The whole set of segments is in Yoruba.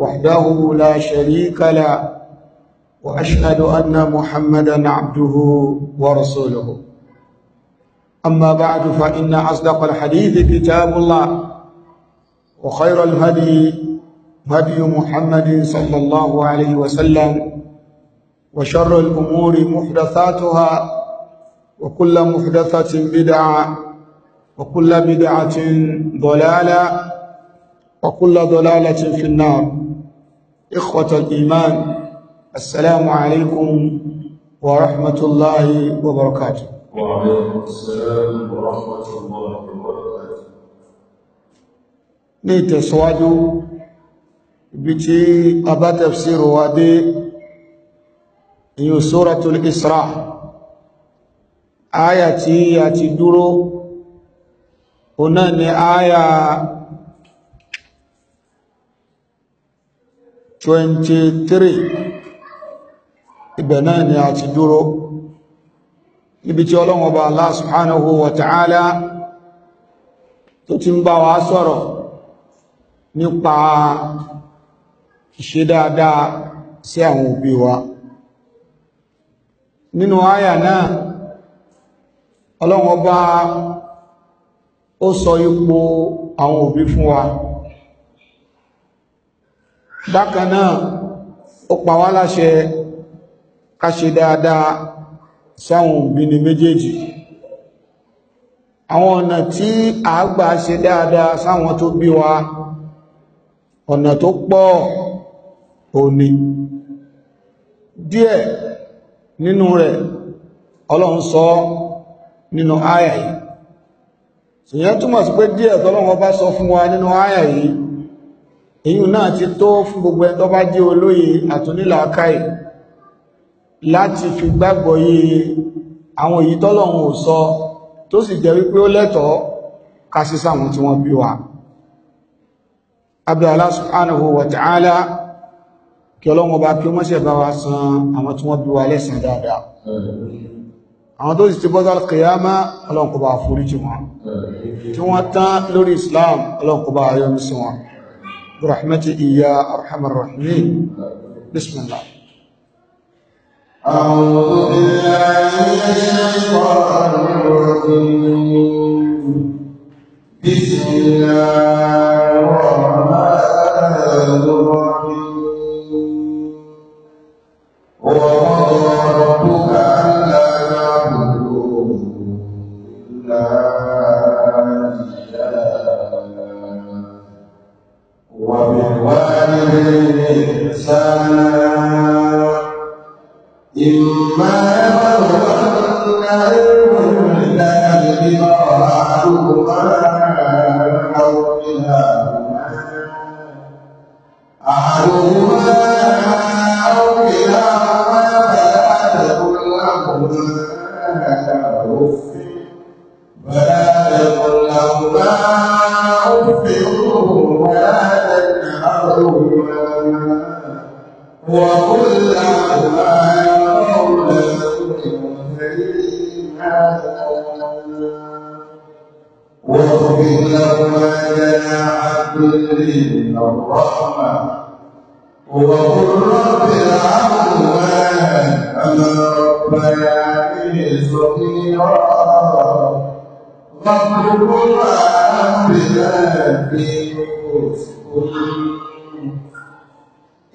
وحده لا شريك له واشهد ان محمدا عبده ورسوله اما بعد فان اصدق الحديث كتاب الله وخير الهدي هدي محمد صلى الله عليه وسلم وشر الامور محدثاتها وكل محدثه بدعه وكل بدعه ضلاله وكل ضلاله في النار إخوة الإيمان السلام عليكم ورحمة الله وبركاته وعليكم السلام ورحمة الله وبركاته نيت بيتي أبا تفسير وادي هي سورة الإسراء آياتي ياتي دورو هنا آية 23 ibẹ̀ náà ni a ti dúró níbi tí Ọlọ́hun Ọba Allah subhanahu wa ta'ala tó ti ń bá wa sọ̀rọ̀ nípa ìṣe dáadáa sí àwọn òbí wa nínú àyà náà Ọlọ́hun Ọba ó sọ ipò àwọn òbí fún wa bákan náà ó pa wá láṣẹ ká ṣe dáadáa sáwọn òbí ni méjèèjì àwọn ọ̀nà tí a gbà ṣe dáadáa sáwọn tó bí wa ọ̀nà tó pọ̀ òní díẹ̀ nínú rẹ̀ ọlọ́run sọ nínú àyà yìí ṣèyàn túmọ̀ sí pé díẹ̀ tọ́lọ́run bá sọ fún wa nínú àyà yìí èyí náà ti tó fún gbogbo ẹni tó bá jẹ́ olóye àtúnilàákàì láti fi gbàgbọ́ yìí àwọn èyí tọ́lọ́run ò sọ tó sì jẹ́ wípé ó lẹ́tọ̀ọ́ ká sí sáwọn tí wọ́n bí wa abdullah subhanahu wa ta'ala kí ọlọ́run ọba kí ó mọ́ṣẹ̀ bá wa san àwọn tí wọ́n bí wa lẹ́san dáadáa àwọn tó sì ti bọ́ sálẹ̀ kìyàmá ọlọ́run kó bá foríjì wọn tí wọ́n tán lórí islam ọlọ́run kó bá yọ́nú sí wọn برحمتك يا أرحم الراحمين بسم الله أعوذ بالله من الشيطان الرجيم بسم الله الرحمن الرحيم وقضى ربك أن أحدهما الذي الرحمة وقل رب ارحمهما كما ربياني صغيرا ربكما بذنب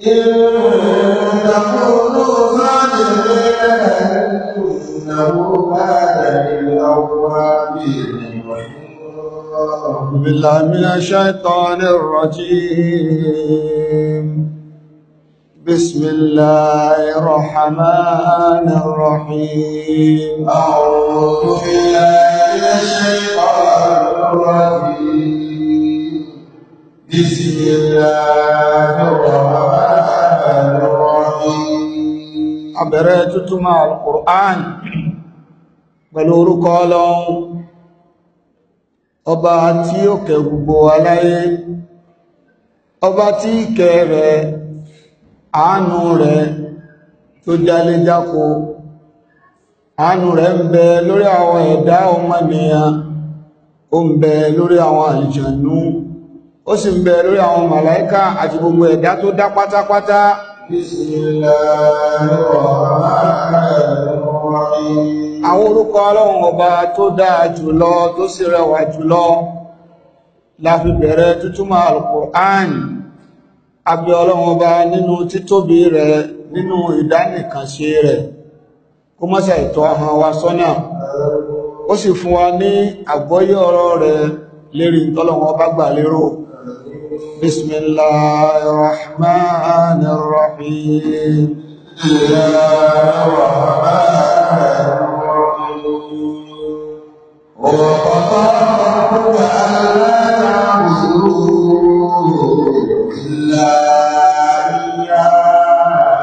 إن تقولوا صادقين إنه كان للأوابين رحيما بالله من الشيطان الرجيم بسم الله الرحمن الرحيم أعوذ بالله من الشيطان الرجيم بسم الله الرحمن الرحيم عبرت مع القرآن pẹ̀lú orúkọ ọlọ́run ọba tí ó kẹ gbogbo aláyé ọba tí ìkẹ́ rẹ̀ àánú rẹ̀ tó jálé jáko àánú rẹ̀ ń bẹ lórí àwọn ẹ̀dá ọmọnìyàn ó ń bẹ lórí àwọn àìjànú. ó sì ń bẹ lórí àwọn màláíkà àti gbogbo ẹ̀dá tó dá pátápátá Bismillahirrahmanirrahim àwọn orúkọ ọlọ́run ọba tó dáa jùlọ tó sì rẹwà jùlọ la fi bẹ̀rẹ̀ tútúmọ̀ alukur'an abẹ ọlọ́run ọba nínú títóbi rẹ̀ nínú ìdánìkànṣe rẹ̀ kó mọ́sẹ̀ ìtọ́ ahọ́n wa sọ́nà ó sì fún wa ní àgbọ́yé ọ̀rọ̀ rẹ̀ lérí tọ́lọ́run ọba gbà lérò bismillahirrahmanirrahim ya وقضى ربك ألا تعبدوا إلا إياه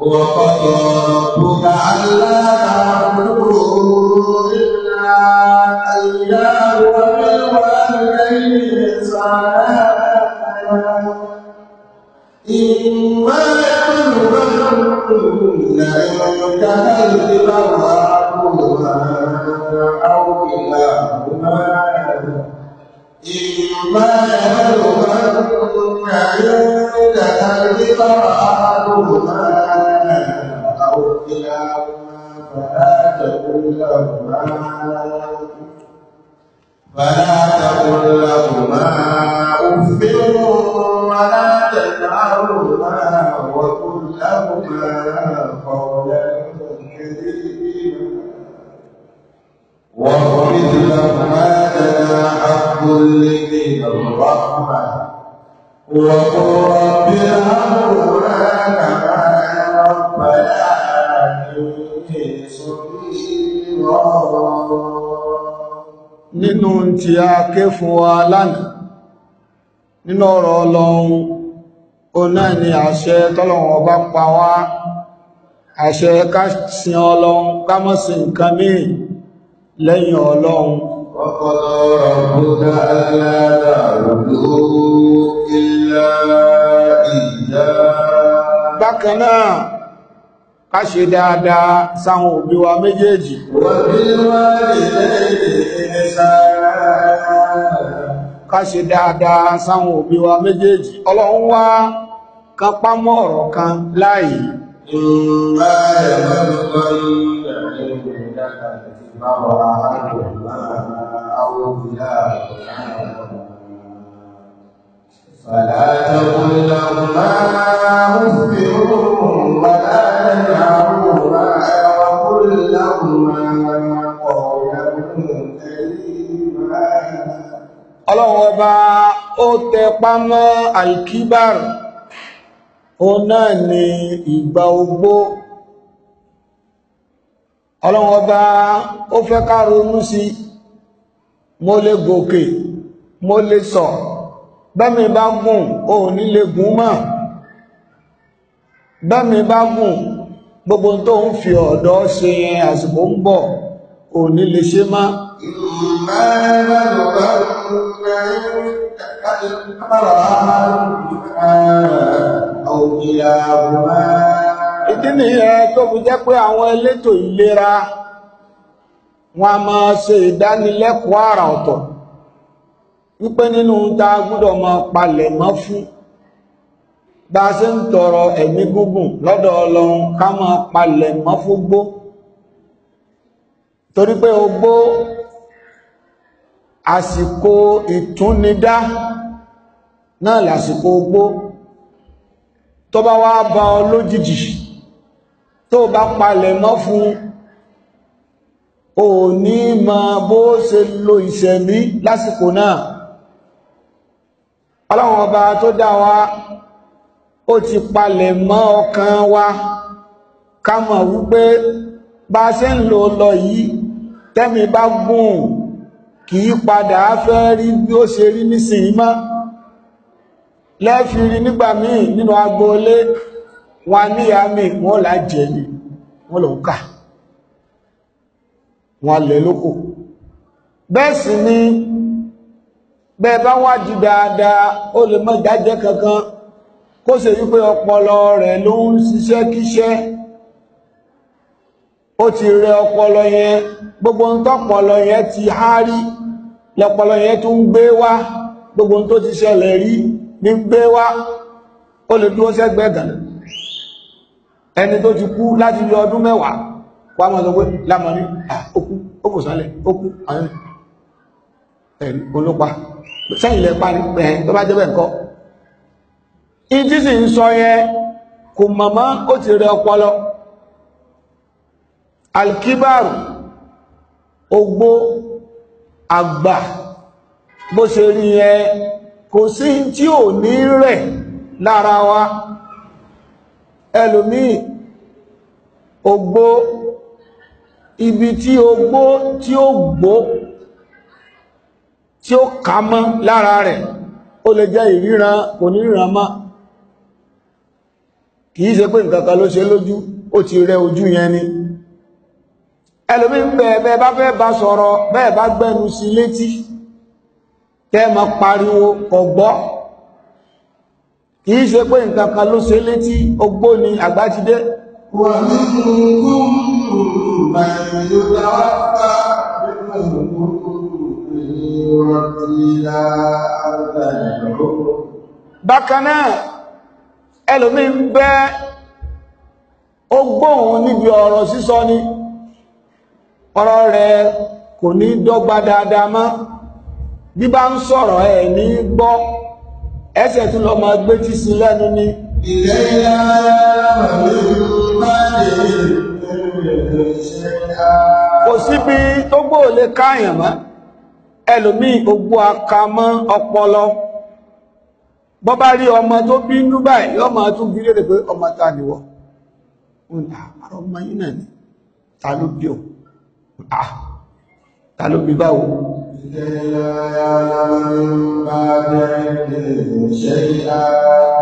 وقضى ربك ألا تعبدوا إلا إياه وبالوالدين إحسانا إما يكن منك ما يبلغن عندك الكبر أحدهما أو كلاهما فلا تقل لهما فلا وقل رب هب nínú tí a ké fún wa lánàá nínú ọ̀rọ̀ ọlọ́run o náà ni àṣẹ tọ́lọ̀wọ̀n ọba pa wá àṣẹ ká sin ọlọ́run ká má sìn nǹkan míì lẹ́yìn ọlọ́run وقضى ربك ألا تعبدوا إلا إياه بكنا náà ká ṣe dáadáa sáwọn òbí wa méjèèjì. wọ́n bí wọ́n lè lè sáà ká ṣe dáadáa sáwọn òbí wa méjèèjì ọlọ́run wá kan pámọ́ ọ̀rọ̀ kan láàyè Ìgbà ẹ̀rọ رب العالمين فلا تقل لهما اف ولا تنهرهما وقل لهما قولا كريما ọlọ́run ọba ó tẹpá mọ́ alkibar ó náà ni ìgbà ogbó ọlọ́run ọba ó fẹ́ ká ronú sí i mo lè gòkè mo lè sọ bẹ́mi bá gùn o ní lè gùn mọ́ bẹ́mi bá gùn gbogbo tó ń fi ọ̀dọ́ ṣe yẹn àsìkò ń bọ̀ o ní lè ṣe má ìdí nìyẹn tó fi jẹ́ pé àwọn elétò ìlera wọ́n a máa ṣe ìdánilẹ́kọ̀ọ́ àrà ọ̀tọ̀ wípé nínú tá a gbọ́dọ̀ máa palẹ̀ mọ́ fún bá a ṣe ń tọrọ ẹ̀mí gígùn lọ́dọ̀ Ọlọ́run ká máa palẹ̀ mọ́ fógbó torí pé ogbó àsìkò ìtúnidá náà lásìkò ogbó tó bá wá bá ọ lójijì tó bá palẹ̀ mọ́ fún un ò ní máa bó ṣe lo ìṣẹ̀mí lásìkò náà ọlọ́run ọba tó dá wa ó ti palẹ̀ mọ́ ọkàn wa ká mọ̀ wípé bá ṣe ń lò lọ yìí tẹ́mi bá gùn kì í padà fẹ́ rí bí ó ṣe rí nísìnyí mọ́ lẹ́fì nígbà míì nínú agboolé wa ní àmì wọ́n là jẹ́ ni wọ́n lòun kà wọn lẹ lókò bẹ́ẹ̀ sì ni bẹ́ẹ̀ bá wá jí dáadáa ó lè mọ́ ìdájẹ́ kankan kó ṣe wípé ọpọlọ rẹ̀ ló ń ṣiṣẹ́ kíṣẹ́ ó ti rẹ ọpọlọ yẹn gbogbo ń tọpọlọ yẹn ti há rí lọpọlọ yẹn tó ń gbé wá gbogbo ń tó ti ṣẹlẹ̀ rí ní gbé wá ó lè dúró sẹ́gbẹ̀ẹ́ kan ẹni tó ti kú láti ọdún mẹ́wàá wà á máa lọ pé lámọ ní okú okù sálẹ̀ okú àwọn olópa sẹ́yìn lẹ parí ẹ̀hìn tó bá jẹ́ bẹ́ẹ̀ nǹkan ìdí sì ń sọ yẹn kò mọ̀mọ́ ó ti rẹ ọpọlọ alkibaru ogbó àgbà bó ṣe rí yẹn kò sí tí ò ní rẹ̀ lára wa ẹlòmíì ogbó ibi tí ogbó tí ó gbó tí ó ká mọ́ lára rẹ̀ ó lè jẹ́ ìríran kò ní ríran mọ́ kìí ṣe pé nǹkan kan ló ṣe lójú ó ti rẹ ojú yẹn ni ẹlòmí ń bẹ̀ bá fẹ́ bá sọ̀rọ̀ bẹ́ẹ̀ bá gbẹ́nu sí létí tẹ́ pariwo kò kìí ṣe pé nǹkan kan ló ṣe létí ogbó ni àgbà ti dé wà nínú من يتوفى bákan náà ẹlòmí ń bẹ ó níbi ọ̀rọ̀ sísọ ni ọ̀rọ̀ rẹ̀ kò ní dọ́gba dáadáa mọ́ bí bá ń sọ̀rọ̀ ẹ̀ ní gbọ́ ẹsẹ̀ tún lọ máa gbé tí sí lẹ́nu ni kò síbi tó gbò lè káàyàn mọ́ ẹlòmíì ogbó aka mọ́ ọpọlọ bọ́ bá rí ọmọ tó bínú báyìí lọ́mọ tó bí lè pé ọmọ ta nìwọ ọmọ yìí náà ni ta ló bí o ta ló bí báwo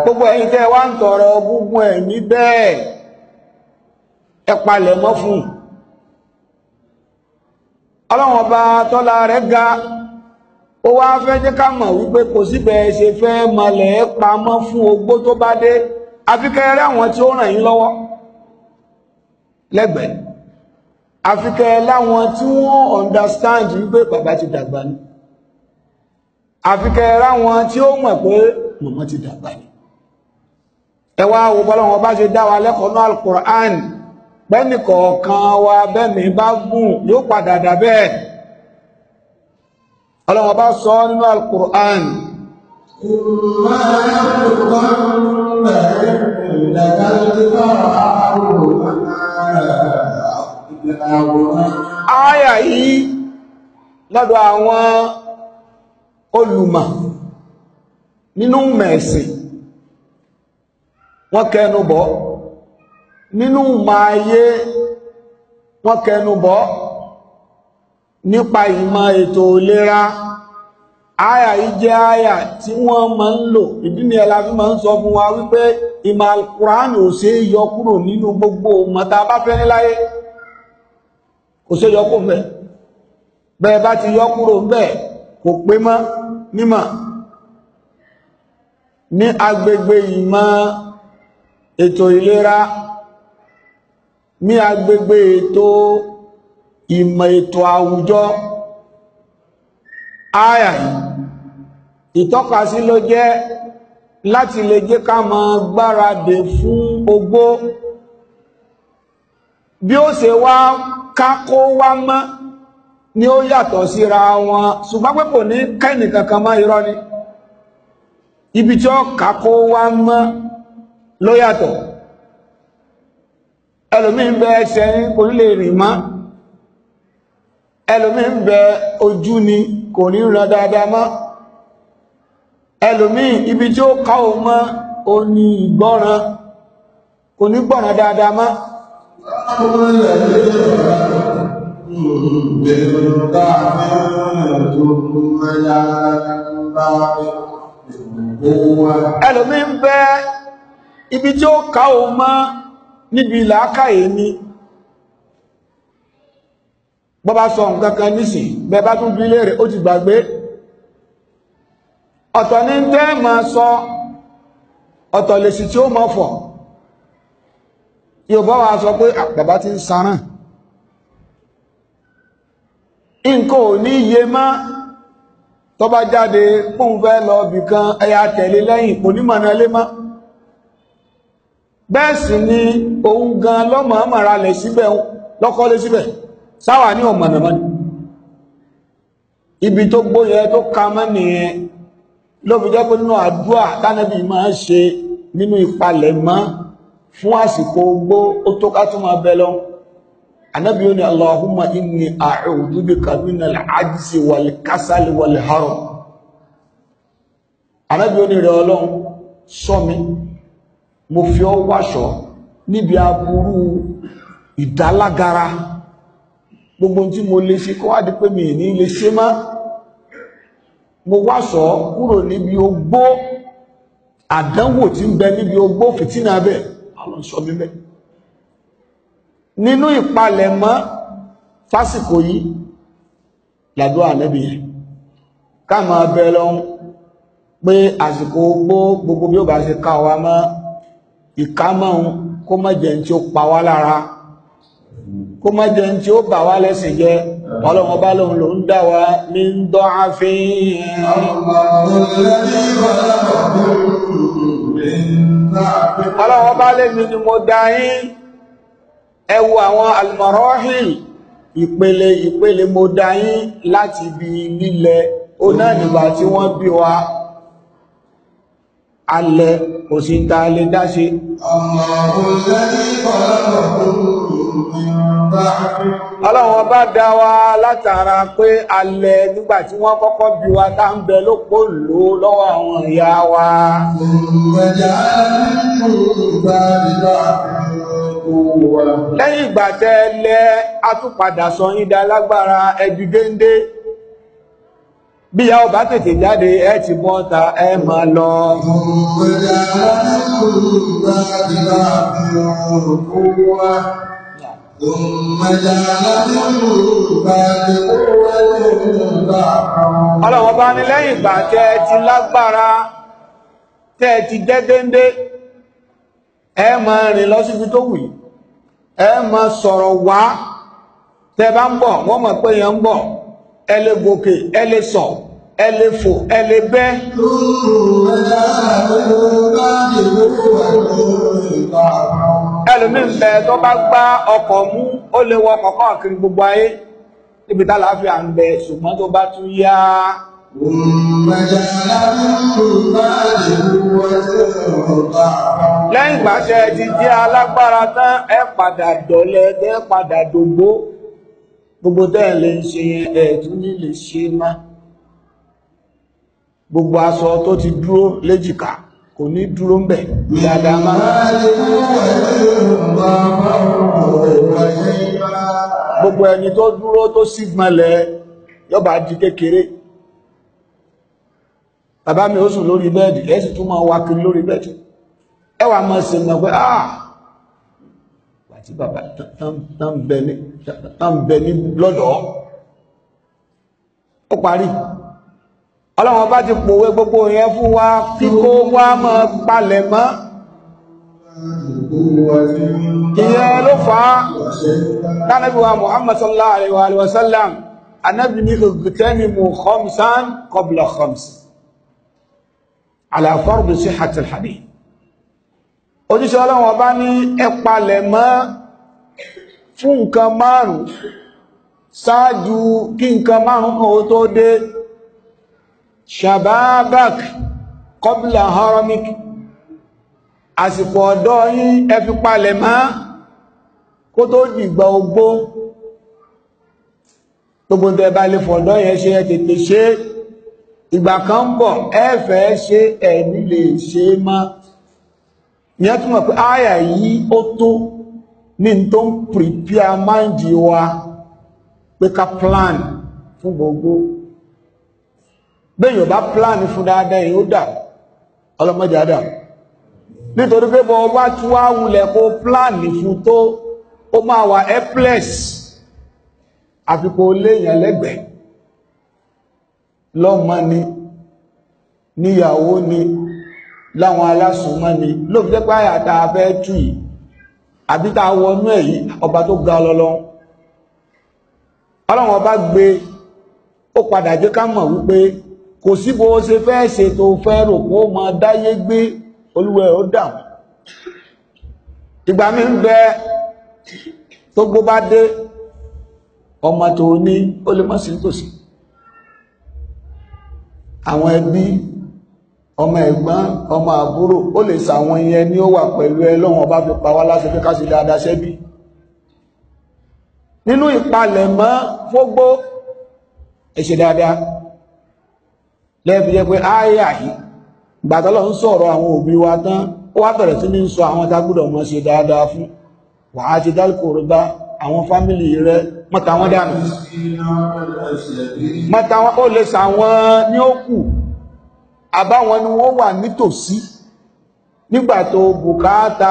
gbogbo ẹ̀yin tẹ́ wá ń tọrọ gúngun ẹ̀mí bẹ́ẹ̀ ẹ palẹ̀mọ́ fún un ọlọ́wọ́n ọba tọ́lá rẹ̀ ga ó wá fẹ́ jẹ́ ká mọ̀ wípé kò síbẹ̀ ṣe fẹ́ mọ̀lẹ̀ pamọ́ fún ogbó tó bá dé afikẹ́rẹ́ àwọn tí ó ràn yín lọ́wọ́ lẹ́gbẹ̀ẹ́ afikẹ́rẹ́ láwọn tí wọ́n understand wípé bàbá ti dàgbà ni afikẹ́rẹ́ àwọn tí ó mọ̀ pé mọ̀mọ́ ti dàgbà ni ẹ wá bá ṣe dá lẹ́kọ̀ọ́ náà al pẹ́nì kọ̀ọ̀kan wa bẹ́mi bá gùn yóò padà dà bẹ́ẹ̀ ọlọ́wọ́ bá sọ nínú al-Qur'an Aya yìí lọ́dọ̀ àwọn olùmọ̀ nínú mẹ̀ẹ̀sìn wọ́n kẹnu bọ̀ nínú ìmọ̀ ayé wọ́n kẹnubọ̀ nípa ìmọ̀ ètò ìlera àyà yìí jẹ́ àyà tí wọ́n máa ń lò ìdí ni ẹ̀la fi máa ń sọ fún wa wípé ìmọ̀ alukuran ò ṣe é yọ kúrò nínú gbogbo mọ̀ta bá fẹ́ níláyé kò ṣe yọ kó fẹ́ bẹ́ẹ̀ bá ti yọ kúrò bẹ́ẹ̀ kò pé mọ́ nímọ̀ ní agbègbè ìmọ̀ ètò ìlera ní agbègbè ètò ìmọ̀ ètò àwùjọ àyà ìtọ́kasí ló jẹ́ láti lè jẹ́ ká mọ gbáradì fún ogbó bí ó ṣe wá kákó wá mọ́ ni ó yàtọ̀ síra wọn ṣùgbọ́n ní kẹ́ni kankan mọ́ irọ́ ni ibi tí ó kákó wá mọ́ ló yàtọ̀ ẹlòmí ń bẹ ẹsẹ̀ ní kò ní lè rìn mọ́ ẹlòmí ń bẹ ojú ni kò ní ràn dáadáa mọ́ ẹlòmí ibi tí ó ká mọ́ o ní ìgbọ́ràn kò ní gbọ́ràn dáadáa mọ́ ẹlòmí ń bẹ ibi tí ó ká mọ́ níbi làákàyè ní bọ́bá sọ nǹkan kan nísìn bẹ́ẹ̀ bá tún bí léèrè ó ti gbàgbé ọ̀tọ̀ ní tẹ́ ma sọ ọ̀tọ̀ lèsì tí ó mọ̀ fọ̀ Yorùbá wa sọ pé ah, bàbá ti ń sarán nǹkan ò ní yé má tó bá jáde pòun fẹ́ lọ bìkan ẹ̀yà tẹ̀lé lẹ́yìn onímọ̀nà lé máa bẹ́ẹ̀ sì ni òun gan lọ́mọ àmàrà lẹ̀ síbẹ̀ lọ́kọ́ lé síbẹ̀ sáwà ní ọ̀mọ̀nàmọ́ni ibi tó gbóyẹ tó ka mọ́ nìyẹn ló fi jẹ́ pé nínú àdúà tánẹ́bì máa ń ṣe nínú ìpalẹ̀ mọ́ fún àsìkò ogbó ó tó ká tún máa bẹ lọ anábì ó ní Allahumma inni a'udhu bika minal ajzi wal kasali wal haram anábì ó ní rẹ̀ ọlọ́run ṣọ́ mi mo fi ọ́ wáṣọ níbi aburú ìdálágara gbogbo tí mo lè ṣe kó wá di pé mi ní lè ṣe mọ́ mo wáṣọ kúrò níbi ogbó àdánwò tí ń bẹ níbi ogbó fìtínà bẹ́ẹ̀ alonso mímẹ́ nínú ìpalẹ̀mọ́ fásìkò yìí làdó ànẹ́bì yìí ká máa bẹ lọ́hún pé àsìkò ogbó gbogbo bí ó bá ṣe ká wa mọ́ ìkámọ́hun kó má jẹ́ tí ó pa wá lára kó má tí ó bà wá lẹ́sìn jẹ́ ọlọ́run ọba lòun ló ń dá wa ní ń dọ́ àfihàn ọlọ́run ọba lèmi ni mo dá yín ẹ wo àwọn almarohil ìpele ìpele mo láti bí lílẹ̀ ó tí wọ́n bí wa alẹ́ kò sí ta lè dáṣe ọlọ́run ọba dá wa látara pé alẹ́ nígbà tí wọ́n kọ́kọ́ bí wa tá ń bẹ lópò lò lọ́wọ́ àwọn ìyá wa lẹ́yìn ìgbà tẹ́ lẹ́ a tún padà sọ yín dá lágbára ẹ̀dùgéńdé bí ìyá ọba tètè jáde ẹ ti bọ́ ta ẹ máa lọ. ọlọ́wọ́ bá ní lẹ́yìn ìgbà tẹ́ ẹ ti lágbára tẹ́ ẹ ti jẹ́ déndé ẹ máa rìn lọ síbi tó wù ẹ máa sọ̀rọ̀ wá tẹ́ bá ń bọ̀ wọ́n mọ̀ pé yẹn ń bọ̀ ẹ lè gòkè ẹ lè sọ̀ ẹlẹ́fò ẹlẹ́gbẹ́ ẹlòmí ń bẹ tó bá gbá ọkọ̀ mú ó lè wọ ọkọ̀ káàkiri gbogbo ayé níbi tálàáfíà ń bẹ ṣùgbọ́n tó bá tún yá lẹ́yìn ìgbàṣẹ́ ti jẹ́ alágbára tán ẹ padà dọ̀lẹ́ ẹ padà dògbó gbogbo tẹ́ẹ̀ lè ṣe ẹ̀ tún ṣe máa gbogbo aṣọ tó ti dúró léjìká kò ní dúró ń bẹ̀ dáadáa máa gbogbo ẹni tó dúró tó sígbọ́nlẹ̀ yọba di kékeré bàbá mi ó sùn lórí bẹ́ẹ̀dì ẹ sì tún máa wá kiri lórí bẹ́ẹ̀dì ẹ wá máa mọ̀ pé ah àti bàbá tán bẹ ní lọ́dọ̀ ó parí ọlọ́run bá ti pòwe gbogbo yẹn fún wa tí kó wá mọ́ palẹ̀ mọ́ ìyẹn ló fà á tánàbí wa Muhammad sallallahu alaihi wa sallam anábì ní ìgbìtẹ́mìmù khamsan qabla khamsi ala fardi sihhati al-hadith ojúṣe ọlọ́run ọba ní ẹ palẹ̀ mọ́ fún nǹkan márùn-ún ṣáájú kí nǹkan márùn-ún kan ó tó dé ṣàbábàk kọ́bílà haramik àsìkò ọ̀dọ́ yín ẹ fi palẹ̀ mọ́ kó tó dìgbà ogbó gbogbo tẹ bá lè fọ̀dọ́ yẹn ṣe ẹ tètè ṣe ìgbà kan ń bọ̀ ẹ fẹ́ ṣe ẹ̀mí lè ṣe má ìyẹn túnmọ̀ pé àyà yìí ó tó ní tó ń pìrìpíà máìndì wa pé ká plan fún gbogbo bẹ́yìn ọba pláàni fún dáadáa èyí ó dà ọlọ́mọdé àdà nítorí pé bọ́ ọba tí wá wulẹ̀ kó pláàni fún tó ó máa wà helpless àfikò léèyàn lẹ́gbẹ̀ẹ́ lọ́mọ ni níyàwó ni láwọn alásùnmọ́ ni ló fi jẹ́pẹ́ àyàtà afẹ́ tù yìí àbí tá a wọnú ẹ̀ yìí ọba tó ga ọlọ́lọ́ ọlọ́run ọba gbé ó padà jẹ́ ká mọ̀ wípé kò sí bó ṣe fẹ́ ṣe tó fẹ́ rò kó mọ dáyé gbé olúwẹ̀ ó dàmú ìgbà mi ń bẹ tó gbó bá dé ọmọ tó ní ó lè mọ́ sí nítòsí àwọn ẹbí ọmọ ẹ̀gbọ́n ọmọ àbúrò ó lè sàwọn ìyẹn ní ó wà pẹ̀lú ẹ lọ́wọ́n bá fi pa wá láṣẹ fẹ́ ká sì dáadáa nínú ìpalẹ̀mọ́ fógbó ẹ dáadáa lẹ́bi jẹ́ pé ááyà yìí gbàtọ́lọ̀ ń sọ̀rọ̀ àwọn òbí wa tán ó wá bẹ̀rẹ̀ sí ní sọ àwọn tágbúdọ̀ mọ́ ṣe dáadáa fún wà á ti dálkòrò bá àwọn fámìlì rẹ mọ́ta dànù mọ́ta ó lè sàwọn ní ó kù àbáwọn ni wọ́n wà nítòsí nígbà tó bùkátà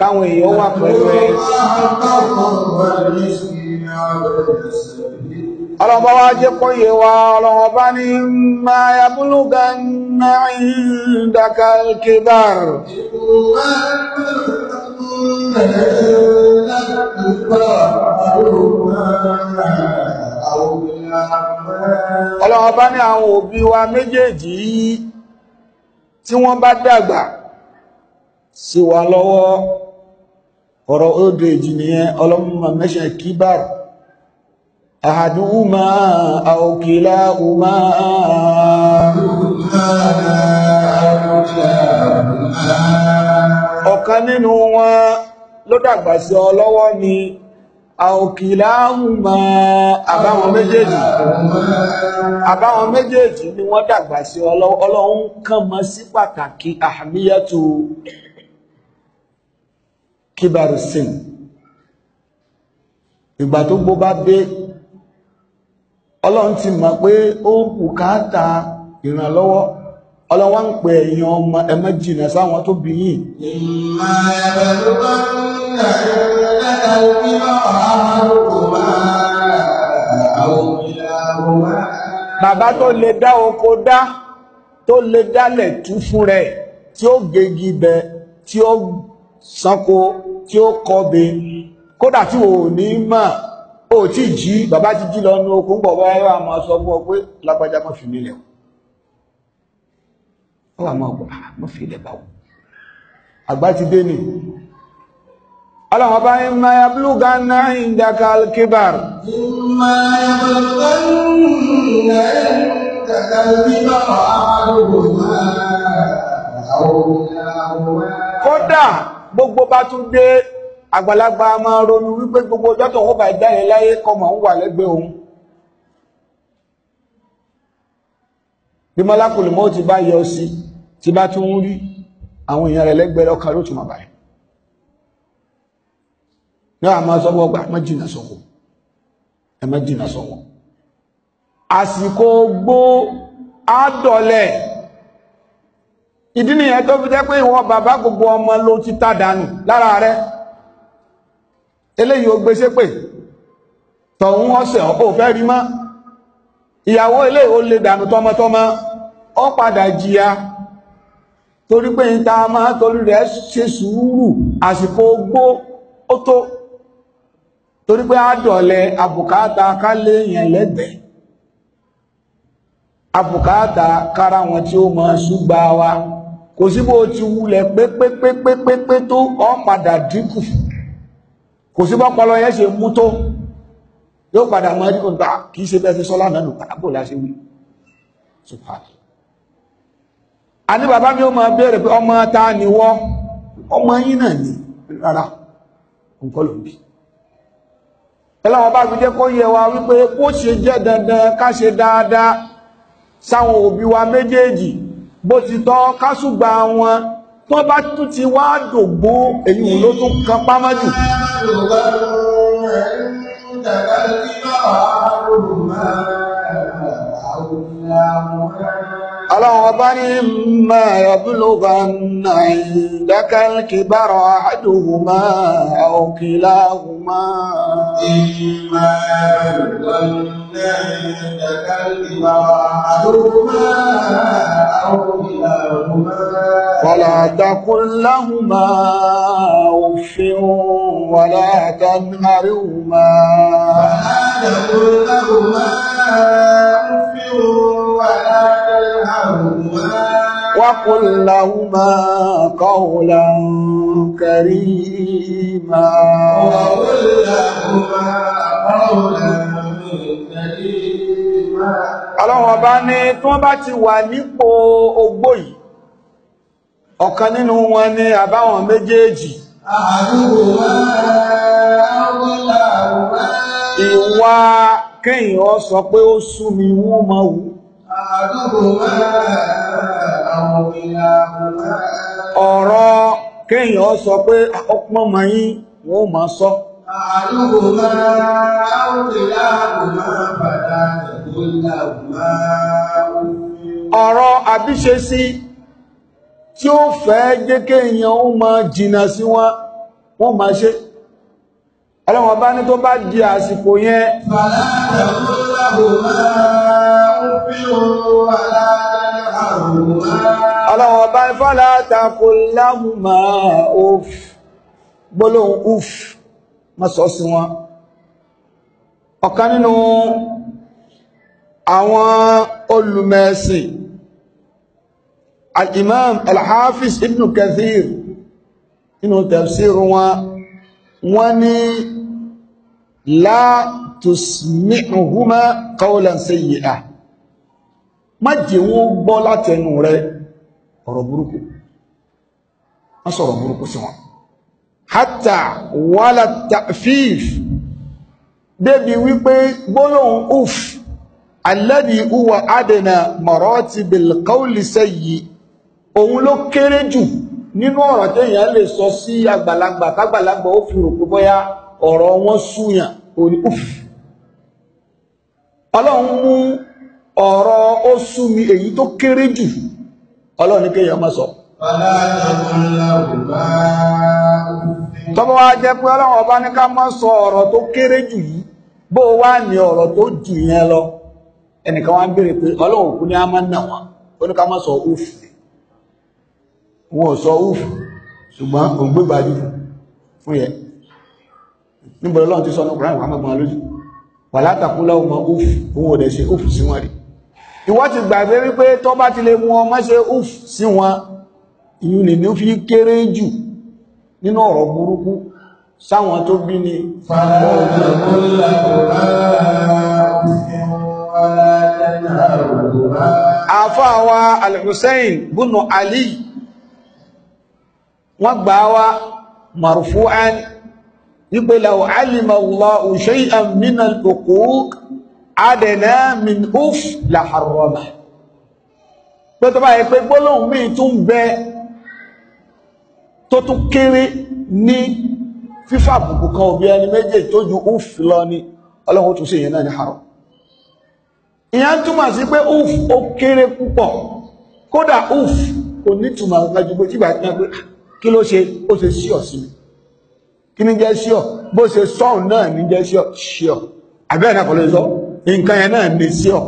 káwọn èèyàn wà pẹ̀lú ẹ̀ ọlọ́mọ wá jẹ́ kó yé wa ọlọ́mọ bá ní ma ya búlúgà ní ìdáka kìbár ọlọ́mọ bá ní àwọn òbí wa méjèèjì tí wọ́n bá dàgbà sí wa lọ́wọ́ ọ̀rọ̀ old age ọlọ́mọ mẹ́ṣẹ̀ kìbár أحدهما أو كلاهما ọ̀kan nínú wọn ló dàgbà sí ọ lọ́wọ́ ni àòkìláhùnmá àbáwọn méjèèjì àbáwọn méjèèjì ni wọ́n dàgbà sí ọ lọ́wọ́ ọlọ́run kàn mọ́ sí pàtàkì àmìyàtò kíbarùsìn ìgbà tó gbó bá dé ọlọ́run ti mọ̀ pé ó bùkátà ìrànlọ́wọ́ ọlọ́wọ́ ń pè èèyàn ọmọ ẹmọ́ jìnà sáwọn tó bí yìí bàbá tó lè dá oko dá tó lè dálẹ̀ tú fún rẹ̀ tí ó gègì bẹ tí ó sanko tí ó kọbe kódà tí ò ní máa ó tí jí bàbá ti jí lọ ní okun bọ̀ bá yóò máa sọ fún ọ pé lágbájá mọ́ fi nílẹ̀ ó wà máa gbọ́ ah, mọ́ fi ilẹ̀ báwo àgbà ti dé ni ọlọ́run ọba ń ma ya blúga náà ìdáka alkibar kódà gbogbo bá tún dé àgbàlagbà máa ronú wípé gbogbo ọjọ́ tó wọ́n bá jáde láyé kọmọ̀ ń wà lẹ́gbẹ̀ẹ́ òun bí malakul mọ́ ti bá yọ sí ti bá tún ń rí àwọn èèyàn rẹ̀ lẹ́gbẹ̀ẹ́ lọ́kàn ló tún máa báyìí náà máa sọ wọ́n gbà má jìnnà sọ́wọ́ ẹ má jìnnà sọ́wọ́ àsìkò gbó àdọ̀lẹ̀ ìdí nìyẹn tó fi jẹ́ pé ìwọ bàbá gbogbo ọmọ ló ti tá dànù lára rẹ̀ eléyìí ó gbé ṣépè tọ̀hún ọ̀sẹ̀ ó fẹ́ rí mọ́ ìyàwó eléyìí ó lè dànù tọmọtọmọ ó padà jìyà torí pé ń ta máa torí rẹ̀ ṣe sùúrù àsìkò ogbó ó tó torí pé àádọ́lẹ̀ àbùkátà ká léèyàn lẹ́gbẹ̀ẹ́ àbùkátà kára wọn tí ó mọ ṣúgbà wa kò síbò ti wulẹ̀ pépépépépé tó ọ padà dínkù fún kò sí bọ́pọlọ yẹn ṣe mú tó yóò padà mọ́ ẹni kòtò kìí ṣe bẹ́ẹ̀ sí sọ́lá náà nù pàápò láṣẹ wí ṣùpàá a ní bàbá mi ó máa béèrè pé ọmọ ta ni wọ́ ọmọ yín náà ni rárá nǹkan ló ń bá fi tó bá tún ti wá dògbó èyí ló tún kan pámájù Thank you. العظم ما يبلغن عندك الكبر أحدهما أو كلاهما إما يبلغن عندك الكبر أحدهما أو كلاهما فلا تقل لهما أف ولا تنهرهما فلا تقل لهما أف وقل لهما قولا كريما وقل لهما قولا كريما ọlọ́run ọba ní tí wọ́n bá ti wà nípò ogbó yìí ọ̀kan nínú wọn ni àbáwọn méjèèjì ìwà kéèyàn sọ pé ó sú wọ́n mọ́ wù ọ̀rọ̀ kéèyàn sọ pé ọpọ́n mọ̀ yí wọ́n mọ̀ sọ ọ̀rọ̀ àbíṣe sí tí ó fẹ́ jẹ́ kéèyàn ó máa jìnnà sí wọn wọ́n máa ṣe ọlọ́wọ́n bá ní tó bá di àsìkò yẹn Fàlá àjọ̀ Ọlọ́run ọba ìfọ́lá tako lámùmá òf, gbólóhùn òf, má sọ sí wọn. Ọ̀kan nínú àwọn olùmẹ̀ẹ̀sìn, Al-Imam Al-Hafiz Ibn Kathir, nínú tafsir wọn, wọ́n ní la tusmi'uhuma qawlan sayyi'ah má jẹ́ wọ́n gbọ́ látẹnu rẹ ọ̀rọ̀ burúkú wọ́n sọ̀rọ̀ burúkú sí wọn hátà wàhálà tàfíf débi wípé gbólóhùn uf alladhi huwa adna maratibil qawli sayyi òun ló kéré jù nínú ọ̀rọ̀ téèyàn lè sọ sí àgbàlagbà kágbàlagbà ó fi rò bóyá ọ̀rọ̀ wọn súyàn òní uf ọlọ́run mú ọ̀rọ̀ ó sú mi èyí tó kéré jù ọlọ́run ní kéèyàn má sọ. tọ́bọ̀ wá jẹ́ pé ọlọ́run ọba ní ká má sọ ọ̀rọ̀ tó kéré jù yìí bó wá ní ọ̀rọ̀ tó jù yẹn lọ ẹnìkan wá ń béèrè pé ọlọ́run kú ní a máa ń nà wá ó ní ká má sọ úfù wọn ò sọ uf ṣùgbọ́n ò gbé gbàdú fún yẹ níbo lọ́run ti sọ ọkùnrin àwọn amọ̀gbọ̀n lójú wà ọmọ úfù òun ò dẹ̀ ṣe úfù sí wọn rí ìwọ ti gbàgbé wípé tó bá ti lè mú ọmọ ṣe uff sí wọn ìyún lè ní ó fi kéré jù nínú ọ̀rọ̀ burúkú sáwọn tó bí ni àfáàwà al búnú Ali wọ́n gbà wá marfu'an wípé law alima Allahu shay'an adẹ̀nà min uf làhàrọ̀mà pé tó bá yẹ pé gbólóhùn míì tún bẹ tó tún kéré ní fífà bùkù kan òbí ẹni méjèèjì tó ju uf lọ ni ọlọ́run tún sí ìyẹn náà ní haram ìyẹn túmọ̀ sí pé uf ó kéré púpọ̀ kódà uf kò ní túmọ̀ gbajúgbò tí ìgbàtí pé ah, kí ló ṣe ó ṣe síọ̀ sí mi kí ní jẹ́ síọ̀ bó ṣe sọ́ọ̀ náà ní jẹ́ síọ̀ síọ̀ àbẹ́ẹ̀ náà kọ́ ló sọ nǹkan yẹn náà ní sí ọ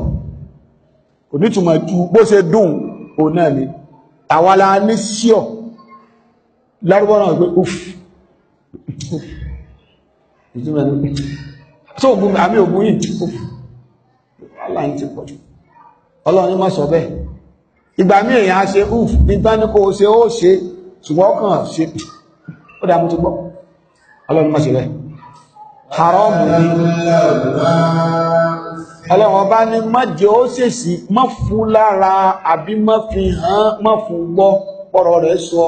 kò ní túmọ̀ ju bó ṣe dùn òun náà ni àwa la ní sí ọ lárúbọ náà pé uff ìtumọ̀ ní tó ògùn àmì ògùn yìí uff wàhálà ń ti pọ̀ jù ọlọ́run ní má sọ bẹ́ẹ̀ ìgbà mí èèyàn á ṣe uff nígbà ní kò ṣe ó ṣe ṣùgbọ́n kàn ṣe ó dá mú tó gbọ́ ọlọ́run má ṣe bẹ́ẹ̀ haramu ni ọlọ́wọ́n bá ní mọ́jẹ́ ó ṣèṣì mọ́ fún lára àbí mọ́ fi hàn mọ́ fún gbọ́ ọ̀rọ̀ rẹ̀ sọ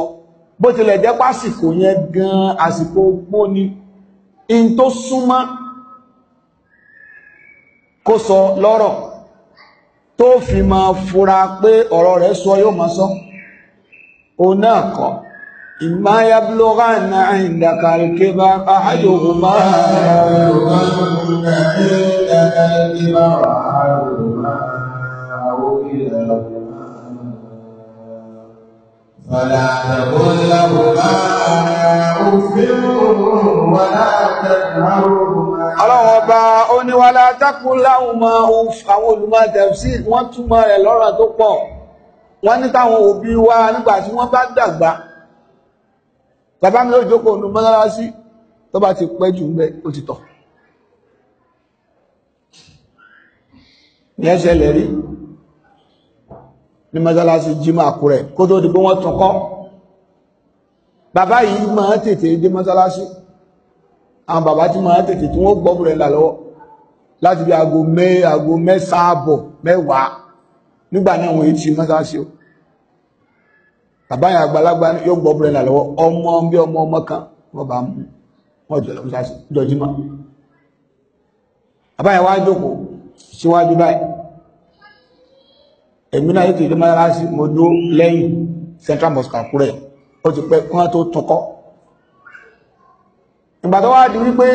bó tilẹ̀ jẹ́ pásìkò yẹn gan àsìkò gbó ni in tó súnmọ́ kó sọ lọ́rọ̀ tó fi máa fura pé ọ̀rọ̀ rẹ̀ sọ yóò máa sọ òun náà kọ́ إما يبلغن عندك الكبر أحدهما يبلغن عندك الكبر أحدهما أو كلاهما فلا تقل لهما أف ولا تنهرهما Ọlọ́run ọba ó ní wàlá tákùn láwọn máa ń àwọn olùmọ̀ tẹ̀sí wọ́n túmọ̀ rẹ̀ lọ́rọ̀ tó pọ̀ wọ́n ní táwọn òbí wa nígbà tí wọ́n bá dàgbà bàbá mi ló jókòó nu mọ́sálásí tó bá ti pẹ́ jù ń bẹ ó ti tọ̀ yẹn ṣẹlẹ̀ rí ní mọ́sálásí jimá àkúrẹ́ kó tó di pé wọ́n tún kọ́ bàbá yìí máa tètè dé mọ́sálásí àwọn bàbá tí máa tètè tí wọ́n gbọ́ búrẹ́ là lọ́wọ́ láti bí aago mẹ́sàábọ̀ mẹ́wàá nígbà náà wọ́n ti mọ́sálásí o bàbá yẹn àgbàlagbà yóò gbọ́ búrẹ́là lọ́wọ́ ọmọ bí ọmọ ọmọ kan wọ́n bá mú wọ́n jọ lọ́wọ́ jọjúmọ́ bàbá yẹn wá jókòó síwájú báyìí èmi náà yóò tó ìdí mọ́lásí mo dúró lẹ́yìn central mosque àkúrẹ́ ó ti pẹ́ kán tó tọkọ́ ìgbà tó wá di wípé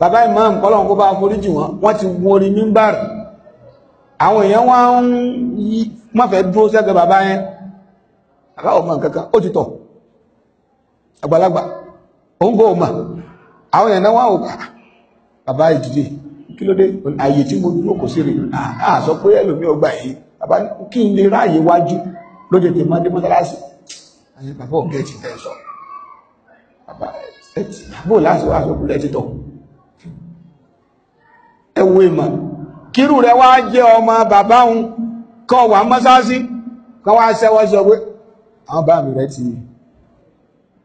bàbá imam kọ́lọ̀n kó bá foríjì wọn wọ́n ti wọrí mímbàrì àwọn èèyàn wọ́n ń fẹ́ dúró sẹ́gbẹ̀ẹ́ bàbá yẹn àbáwọ̀ mọ̀ nǹkan kan ó ti tọ̀ àgbàlagbà òun gbọ́ ọmọ àwọn èèyàn náà wà ó ah, bàbá ìdílé kí ló dé ààyè tí mo dúró kò sí rè á ah, sọ pé ẹlòmíì ọgbà yìí bàbá kí n lè ráàyè wájú lóde tèmọ́ dé mọ́sálásì àyè bàbá ò gẹ́ẹ̀tì fẹ́ sọ bàbá bó láti wá sọ kúlẹ̀ títọ̀ ẹwọ ìmọ̀ kírù rẹ wá jẹ́ ọmọ bàbá òun kọ wà mọ́sálásì kọ wá sẹ́wọ́ sọ pé àwọn bá mi rẹ̀ ti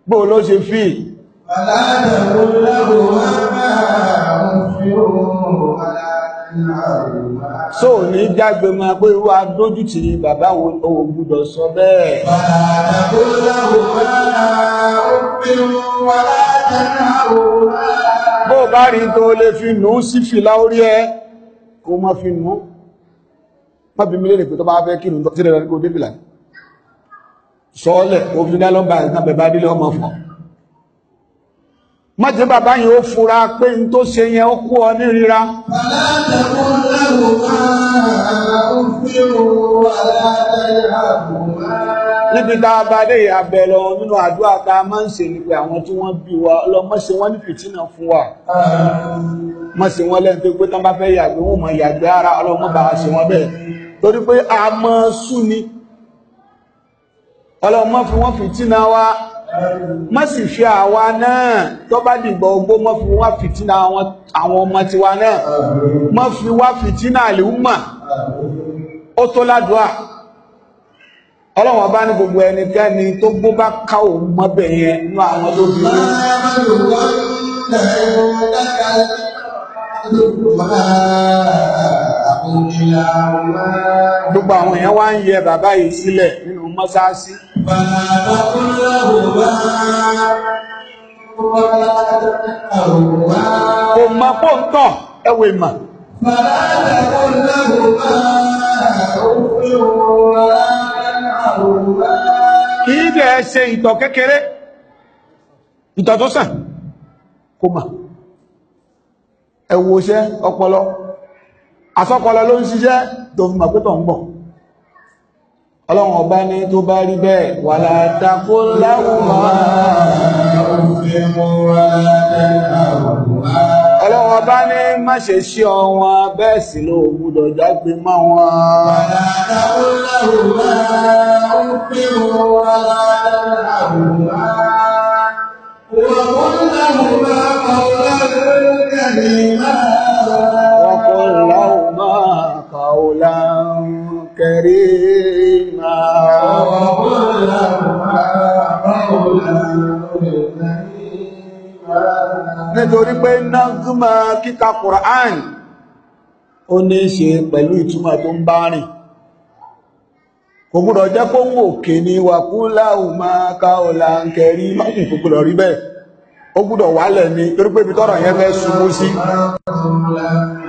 bó ló ṣe fi so ní jágbe máa pé irú adójútì ni bàbá wo ó gbúdọ̀ sọ bẹ́ẹ̀ bó bá rí tó lè fi nù sí fìlà orí ẹ kó má fi nù má bí mílẹ̀ nìpé tó bá fẹ́ kí nù tí rẹ̀ rẹ̀ kó débìlà sọ́ọ́lẹ̀ obìnrin lọ́ba ìtàbẹ̀ bá dílé ọmọ fún má jẹ́ bàbá yìí ó fura pé n tó ṣe yẹn ó kú ọ ní ríra níbi tá a bá dé ìyàbẹ̀ lọ nínú àdúrà tá a máa ń ṣe ní pé àwọn tí wọ́n bí wa lọ ṣe wọ́n ní fìtínà fún wa má ṣe wọ́n lẹ́nu tó pé tán bá fẹ́ yàgbé wọn mọ̀ yàgbé ara ọlọ́mọ bá ṣe wọ́n bẹ́ẹ̀ torí pé a mọ̀ sú ni ọlọ́run má fi wọ́n fìtínà wa má sì fi àwa náà tó bá dìgbà ogbó má fi wá fìtínà àwọn ọmọ tiwa náà má fi wá fìtínà àlùmà ó tó ládùá ọlọ́run ọba ní gbogbo ẹnikẹ́ni tó gbó bá ká òun mọ́bẹ̀ yẹn nínú àwọn tó bí wọ́n Gbogbo àwọn èèyàn wá ń yẹ bàbá yìí sílẹ̀ nínú mọ́sáàsí. Kò mọ̀ pò ń tọ̀ ẹwẹ̀ mà. Kìí dẹ̀ ṣe ìtọ̀ kékeré, ìtọ̀ tó sàn, kò mọ̀. Ẹ̀wòṣẹ́ ọpọlọ asọ́kọlọ ló ń ṣiṣẹ́ tó fi màkútọ̀ ń bọ̀ ọlọ́run ọba ní tó bá rí bẹ́ẹ̀ wà látàkó láwùmọ́ ọlọ́run ọba ní má ṣe ṣí ọwọn bẹ́ẹ̀ sì máa كريما وقل لهما قولا nítorí pé nágúnmọ́ kíka Kùránì ó ní ṣe pẹ̀lú ìtumọ̀ tó ń bá rìn kò gbọ́dọ̀ jẹ́ kó ń wòkè ní wàkúláhùn máa káọ̀lá ń kẹrí mákùn kò rí bẹ́ẹ̀ ó gbúdọ̀ wálẹ̀ ni torí pé ibi tọ́rọ̀ yẹn fẹ́ ṣubú sí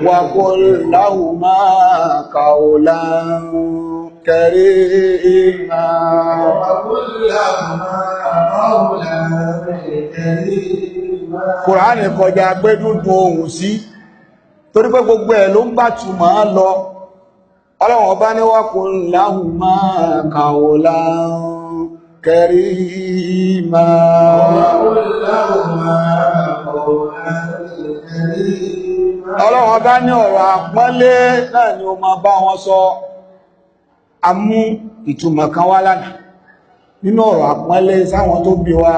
wà kó láhùn máa kàólà kẹrí ìmá kùránì kọjá pé dúdún ohùn sí torí pé gbogbo ẹ̀ ló ń bá túmọ̀ lọ ọlọ́wọ̀n bá níwọ́kùn láhùn máa kàólà ń كريما وقل لهما قولا ọlọ́run bá ní ọ̀rọ̀ àpọ́nlé náà ni ó máa bá wọn sọ a mú ìtumọ̀ kan wá lánàá nínú ọ̀rọ̀ àpọ́nlé sáwọn tó bí wa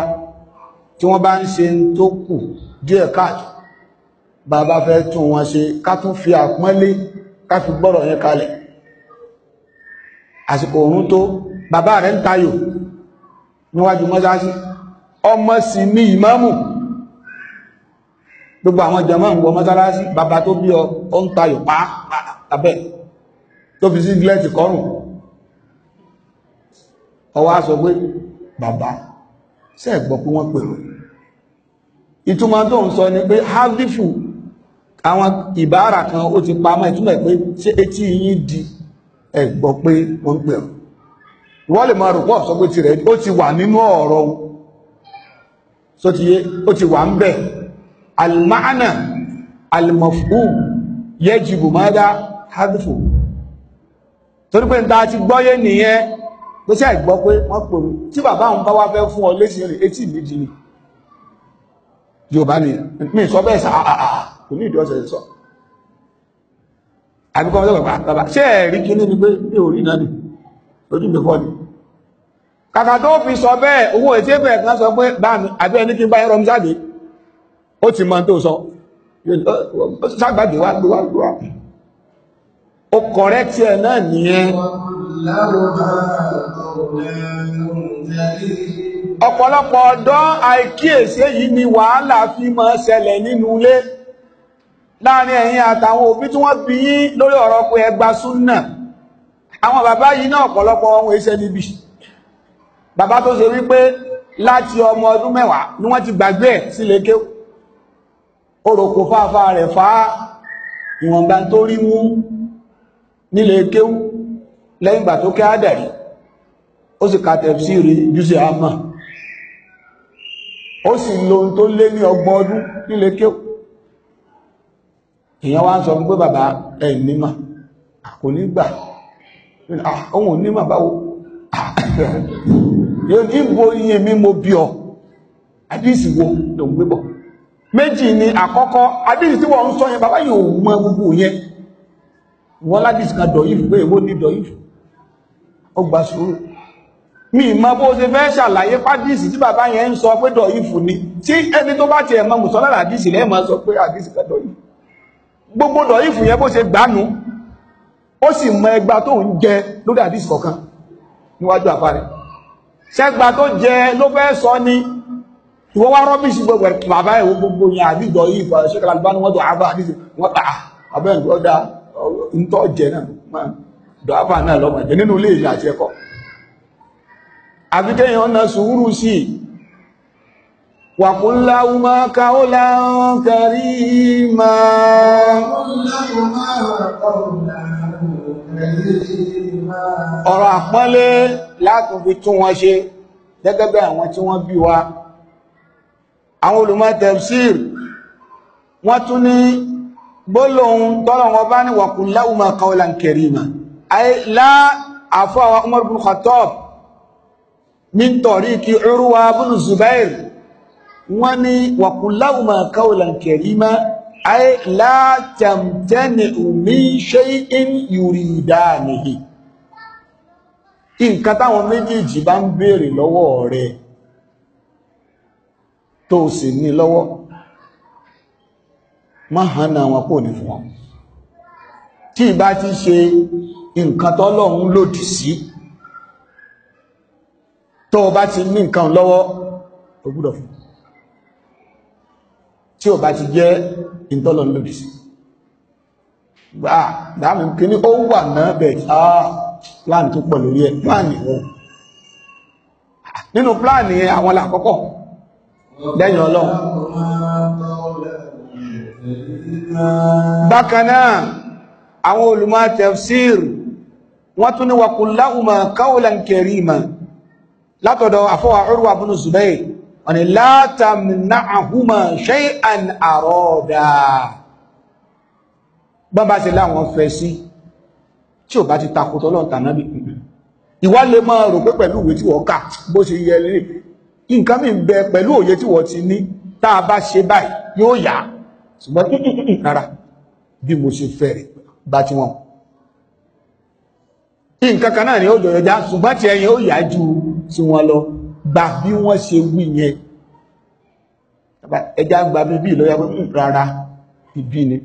tí wọ́n bá ń ṣe tó kù díẹ̀ káàtù bàbá fẹ́ tún wọn ṣe ká tún fi àpọ́nlé ká fi gbọ́rọ̀ yẹn kalẹ̀ àsìkò òun tó bàbá rẹ̀ ń tayò níwájú mọ́sáṣí ọmọ sì ní ìmáàmù gbogbo àwọn jàmáà ń wọ mọ́sálásí bàbá tó bí ọ ó ń tayò pa abẹ́ tó fi sí gílẹ́tì kọrùn ọwọ́ á sọ pé bàbá ṣe gbọ́ pé wọ́n pèrò ìtumọ̀ tó ń sọ ni pé halifu àwọn ìbára kan ó ti pamọ́ ìtumọ̀ pé ṣé etí yín di ẹ pé wọ́n pèrò wọ́n lè máa rò pọ̀ sọ pé tirẹ̀ ó ti wà nínú ọ̀rọ̀ so ti yé ó ti wà ń bẹ̀ almaana almafu yajibu mada hadfu torí pé nta ti gbọ́yé nìyẹn pé ṣe àìgbọ́ pé wọ́n pè mí tí bàbá òun bá wá fẹ́ fún ọ lésì rẹ̀ etí méjì ni yorùbá ni mi sọ bẹ́ẹ̀ sà àà kò ní ìdí ọ̀sẹ̀ sọ àbíkọ́ ọ̀sẹ̀ bàbá ṣé ẹ̀rí kí ní ni pé mi ò rí náà lójú mi fọ́ ni kàkà tó fi sọ bẹ́ẹ̀ owó ètí ẹ̀fẹ̀ kan sọ pé bá mi ẹni kí n bá ẹrọ mi jáde ó ti mọ tó sọ sábàbí wá gbé wá gbé wá ó kọ̀rẹ́tì ẹ̀ náà nìyẹn ọ̀pọ̀lọpọ̀ ọ̀dọ́ àìkíyèsí èyí ni wàhálà fi máa ṣẹlẹ̀ nínú ilé láàrin ẹ̀yin àtàwọn òbí tí wọ́n bí lórí ọ̀rọ̀ pé ẹ súnnà àwọn bàbá yìí náà ọ̀pọ̀lọpọ̀ ohun iṣẹ́ níbi bàbá tó ṣe wípé láti ọmọ ọdún mẹ́wàá ni wọ́n ti gbàgbé ẹ̀ sílé kéwú oròkò fáfá rẹ̀ fá ìwọ̀nba tó rí mú nílé kéwú lẹ́yìn ìgbà tó kẹ́ àdàrí ó sì ka tẹ̀fsíìrì jùsẹ̀ àmà ó sì lo ohun tó lé ní ọgbọ̀n ọdún nílé kéwú wá ń sọ pé bàbá ẹ̀ mímọ̀ kò ní gbà Ah, ohun ah, ní mà báwo ibo iye mi mo bí ọ àdíìsì wo ló ń gbé bọ̀ méjì ni àkọ́kọ́ àdíìsì tí wọ́n ń sọ yẹn bàbá yóò mọ gbogbo yẹn wọ́n ládìsì kan dọ̀ yìí pé èwo ní dọ̀ yìí ó gba sùúrù mi mọ bó ṣe fẹ́ ṣàlàyé pádìsì tí bàbá yẹn ń sọ pé dọ̀ yìí fún ni tí ẹni tó bá tiẹ̀ mọ mùsọ́lá àdíìsì lẹ́ẹ̀ máa sọ pé àdíìsì kan dọ̀ yìí gbogbo dọ̀ yìí fún yẹn bó ṣe gbánu ó sì mọ ẹgba tó ń jẹ lórí àdìsí kọ̀ọ̀kan níwájú àfá rẹ̀ ṣẹ́gba tó jẹ ló fẹ́ sọ ni ìwọ wá rọ́bìṣì gbogbo bàbá ẹ̀wọ̀ gbogbo yẹn àdìjọ yìí ìfọ̀ ṣé kàlà bá ní wọ́n tó àbá àdìsí wọ́n tà àbẹ́ ìgbọ́ da ntọ́ jẹ náà dọ̀ àbá náà ọ̀rọ̀ àpọ́nlé látún fi tún wọn ṣe gẹ́gẹ́ bí àwọn tí wọ́n bí wa àwọn olùmọ̀ tafsir wọ́n tún ní gbólóhùn tọ́lọ̀ wọn bá ní waqul lahuma qawlan karima ayé lá àfọ́ àwọn Umar bin Khattab min tariki ay la tamtani'u min shay'in yuridanihi nǹkan táwọn méjèèjì bá ń béèrè lọ́wọ́ rẹ tó sì ní lọ́wọ́ má hànà wọn kò ní fún wọn tí ìbá ti ṣe nǹkan tọ́lọ́run lòdì sí tó bá ti ní nǹkan lọ́wọ́ ó fún tí ò bá ti jẹ́ ìtọ́lọ̀ lòdì sí gbà dáàmù kí ní ó wà náà bẹ̀ àà plan tó pọ̀ lórí ẹ̀ plan wọn nínú plan yẹn àwọn làkọ́kọ́ lẹ́yìn ọlọ́run bákan náà àwọn olùmọ̀ tafsir wọ́n tún ní wa qul lahuma qawlan karima látọ̀dọ̀ àfọwà Urwa ibn wọ́n ni látàmìnáhùmà ṣe'an àrọ́ọ̀dá bọ́n bá ṣe láwọn fẹ́ sí tí ò bá ti takòtọ́ lọ́n tànábì ìwá lè máa rò pé pẹ̀lú ìwé tí wọ́n kà bó ṣe yẹ lè nǹkan mi bẹ pẹ̀lú òye tí wọ́n ti ní tá bá ṣe báyìí yóò yá ṣùgbọ́n ni ó jọyọjá ju ti gbà bí wọ́n ṣe wí yẹn ẹjá gba bíbí lọ́yà pé hmm, rárá ìbí ni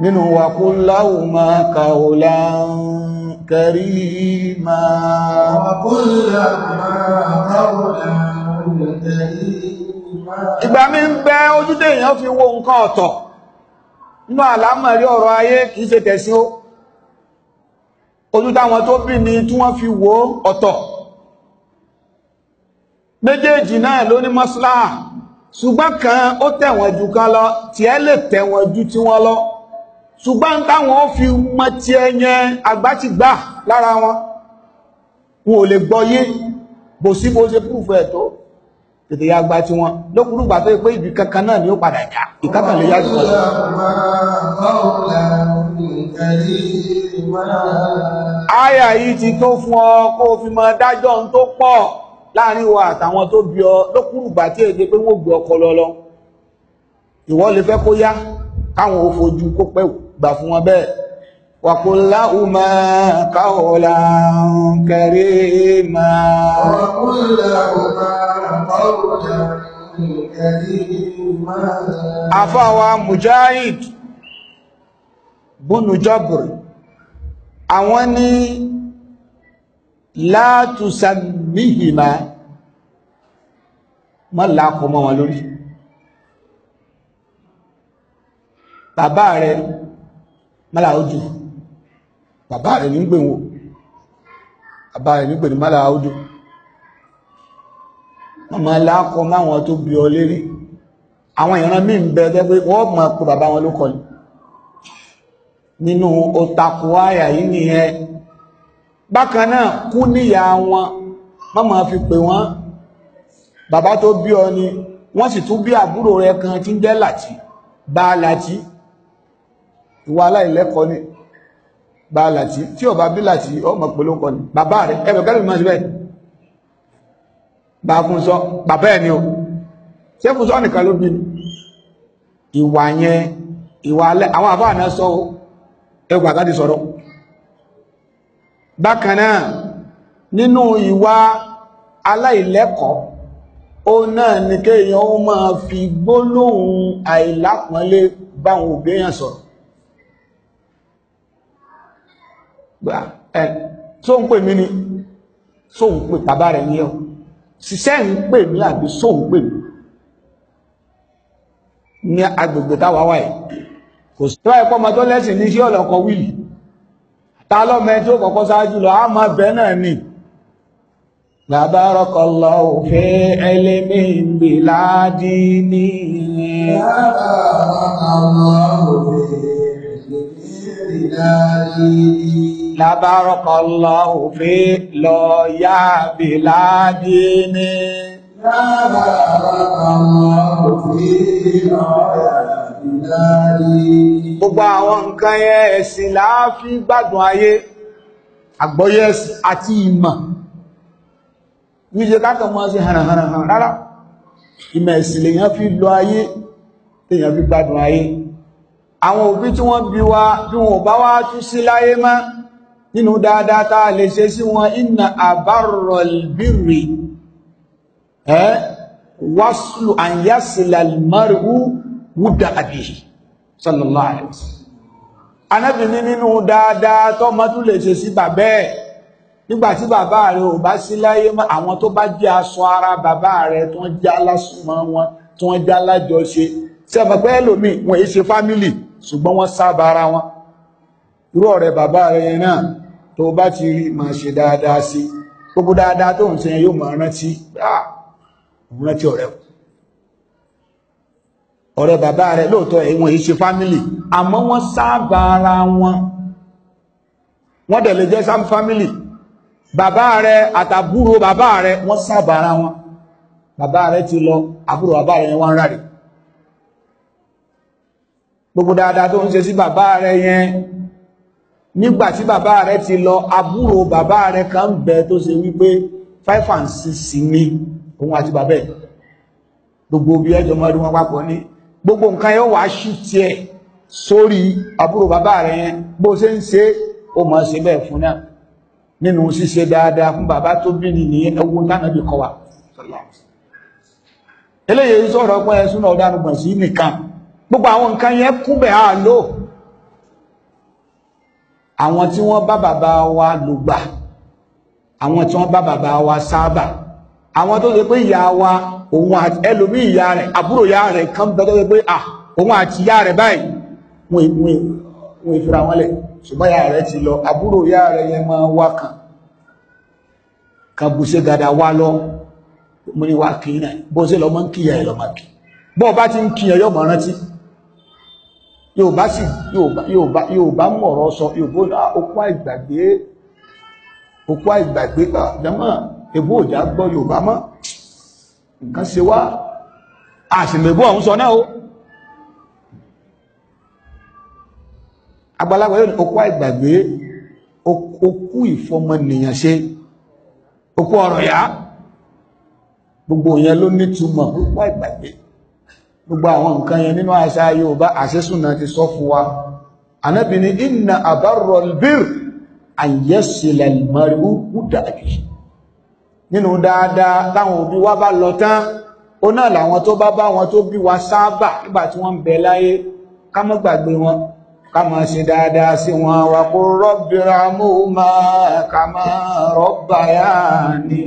nínú wa kó láwù máa kàwò láàrín ìgbà mi ń bẹ ojúdé èèyàn fi wo nǹkan ọ̀tọ̀ nínú àlámọ̀rí ọ̀rọ̀ ayé kìí ṣe tẹ̀sí ó ojú táwọn tó bí mi tí wọ́n fi wo ọ̀tọ̀ méjèèjì náà ló ní maslaha ṣùgbọ́n kan ó tẹ̀wọ̀n jù kan lọ tí ẹ lè tẹ̀wọ̀n jù tí wọ́n lọ ṣùgbọ́n táwọn ó fi mọ ti ẹyẹ àgbà ti gbà lára wọn wọn ò lè gbọ́yé bò sí bó ṣe púrùfù ẹ̀ tètè ya gba ti wọn lókùrùgbà tó yẹ pé ibi kankan náà ni ó padà já ìkákan lè yá jù lọ. àyà yìí ti tó fún ọ kó o fi mọ dájọ́ ohun tó pọ̀ láàrin wa àtàwọn tó bí ọ lókùrùgbà tí èdè pé wọ́n gbé ọkọ lọ lọ ìwọ lè fẹ́ kó yá káwọn ò fojú kó pẹ́ gbà fún wọn bẹ́ẹ̀ wàkúnlá umá káwọlá kẹrẹ máa wàkúnlá umá káwọlá kẹrẹ máa látùsàmìhìmá mọ́ láàkọ mọ́ wọn lórí bàbá rẹ̀ mọ́là ojú bàbá rẹ̀ ní gbèwò bàbá rẹ̀ ní gbèwò mọ́là ojú wọ́n mọ́ láàkọ máwọn tó bí ọ lérí àwọn ìran mí ń pé wọ́n mọ̀ pé bàbá wọn ló kọ́ nínú otaku àyà yìí nìyẹn bákan náà kú níyà wọn má máa fi pè wọ́n bàbá tó bí ọ ni wọ́n sì tún bí àbúrò rẹ kan tí ń jẹ́ làtí bá làtí ìwà aláìlẹ́kọ̀ọ́ ni bá làtí tí ọba bí làtí ọmọ pẹ̀lú ọkọ̀ ni bàbá rẹ ẹ̀rọ kẹ́lẹ̀ mọ́ síbẹ̀ bá fún sọ bàbá ẹ̀ ni o ṣé fún sọ nìkan ló bí ìwà yẹn ìwà alẹ́ àwọn àbáàná sọ ẹgbàá ká ti sọ̀rọ̀ bákanáà nínú ìwà aláìlẹ́kọ̀ọ́ ó náà ní kéèyàn ó máa fi gbólóhùn àìlápọ́nlé báwọn òbíyàn sọ̀rọ̀ ẹ̀ tó ń pè mí ni tó ń pè bàbá rẹ̀ ní ẹ̀ ṣiṣẹ́ ń pè mí àbí só ń pè mí ní agbègbè táwa wà kò sí ẹ̀kọ́ ọmọ tó lẹ́sìn ní sí ọ̀lọ́kọ̀ wíìlì ta lọ́mọ ẹ tí ó kọ́kọ́ ṣáájú lọ àmọ́ bẹ́ẹ̀ náà ni Labarakallahu fi ilmin biladini. Labarakallahu fi ilmin biladini. Labarakallahu fi lọ́yà biladini. Labarakallahu fi lọ́yà biladini gbogbo àwọn nǹkan ẹ̀sìn láàáfí gbádùn ayé àgbọ́yé ẹ̀sìn àti ìmọ̀ níṣe kákan mọ́ sí hànàhànàhàn rárá ìmọ̀ ẹ̀sìn lèyàn fi lọ ayé tèyàn fi gbádùn ayé àwọn òbí tí wọ́n bí wa bí wọn bá wá tú sí láyé mọ́ nínú dáadáa tá lè ṣe sí wọn inna abarral birri ẹ́ wúdà àbíyì sallallahu alaihi wasallam anábì ní nínú dáadáa tó mọ́ tún lè ṣe sí bàbá ẹ̀ nígbàtí bàbá rẹ̀ ò bá sí láyé mọ́ àwọn tó bá jẹ́ aṣọ ara bàbá rẹ̀ tó ń já lásùmọ́ wọn tó ń já lájọṣe sẹ́fẹ̀pẹ́ ẹlòmíì wọ́n èé ṣe fámílì ṣùgbọ́n wọ́n sábà ara wọn irú ọ̀rẹ́ bàbá rẹ̀ náà tó bá ti rí máa ṣe dáadáa sí gbogbo dáadáa tó ń ṣe yóò máa rántí ah! ọ̀rẹ́ kù ọ̀rẹ́ bàbá rẹ̀ lóòótọ́ ìwọ̀n ìṣe fámílì àmọ́ wọ́n sáàbà ara wọn wọ́n dẹ̀ lè jẹ́ sam fámílì bàbá rẹ̀ àtàbúrò bàbá rẹ̀ wọ́n sáàbà ara wọn bàbá rẹ̀ ti lọ àbúrò bàbá rẹ̀ wọ́n rà rẹ̀ gbogbo dáadáa tó ń ṣe sí bàbá rẹ̀ yẹn nígbà tí bàbá rẹ̀ ti lọ àbúrò bàbá rẹ̀ kan bẹ tó ṣe wípé five and six ni òun àti bàbá ẹ̀ gbogbo bí ẹjọ́ mọ́rí wọn papọ̀ ní gbogbo nǹkan yóò wá ṣí tiẹ̀ sórí àbúrò bàbá rẹ̀ yẹn bó ṣe ń ṣe ó mọ̀ ṣe bẹ́ẹ̀ fún náà nínú ṣíṣe dáadáa fún bàbá tó bí ni nìyẹn ẹwọ tánàbì kọ wa eléyìí sọ̀rọ̀ pé ẹ̀sùn náà dánú sí nìkan gbogbo àwọn nǹkan yẹn kúbẹ̀ á lò àwọn tí wọ́n bá bàbá wa lògbà àwọn tí wọ́n bá bàbá wa sábà àwọn tó ṣe pé ìyá wa òun ẹlòmí ìyá rẹ̀ àbúrò ìyá rẹ̀ kan bẹ́ tó ṣe pé à ah, òun àti ìyá rẹ̀ báyìí wọn ìfira wọn lẹ̀ ṣùgbọ́n ìyá rẹ̀ ti lọ àbúrò ìyá rẹ̀ yẹn máa wá kan kan bù gada wá lọ mo ní wá kí náà bó ṣe lọ mọ́ ń kíyà ẹ̀ lọ máa kí bọ́ọ̀ bá ti ń kíyà yọ mọ̀ rántí yóò bá sì yóò bá mọ̀rọ̀ sọ yóò bó ní ah, ebú òjá gbọ́ Yorùbá mọ́ nǹkan ṣe wá àṣìmẹ̀bú ọ̀hún sọ náà o àgbàlagbà yóò ní okú àìgbàgbé okú ìfọmọnìyàn ṣe okú ọ̀rọ̀ yá gbogbo yẹn ló nítumọ̀ okú àìgbàgbé gbogbo àwọn nǹkan yẹn nínú àṣà Yorùbá àṣẹ́sùnà ti sọ fún wa anábìnrin inna àbárọ̀lbìr àyẹ́sìlẹ̀ mẹ́rin ó dàbí nínú dáadáa táwọn òbí wa bá lọ tán ó náà làwọn tó bá bá wọn tó bí wa sábà nígbà tí wọ́n ń bẹ láyé ká má gbàgbé wọn ká máa ṣe dáadáa sí wọn wà kó rọ́bìnrin amóhùnmá máa ká máa rọ́bà yá ni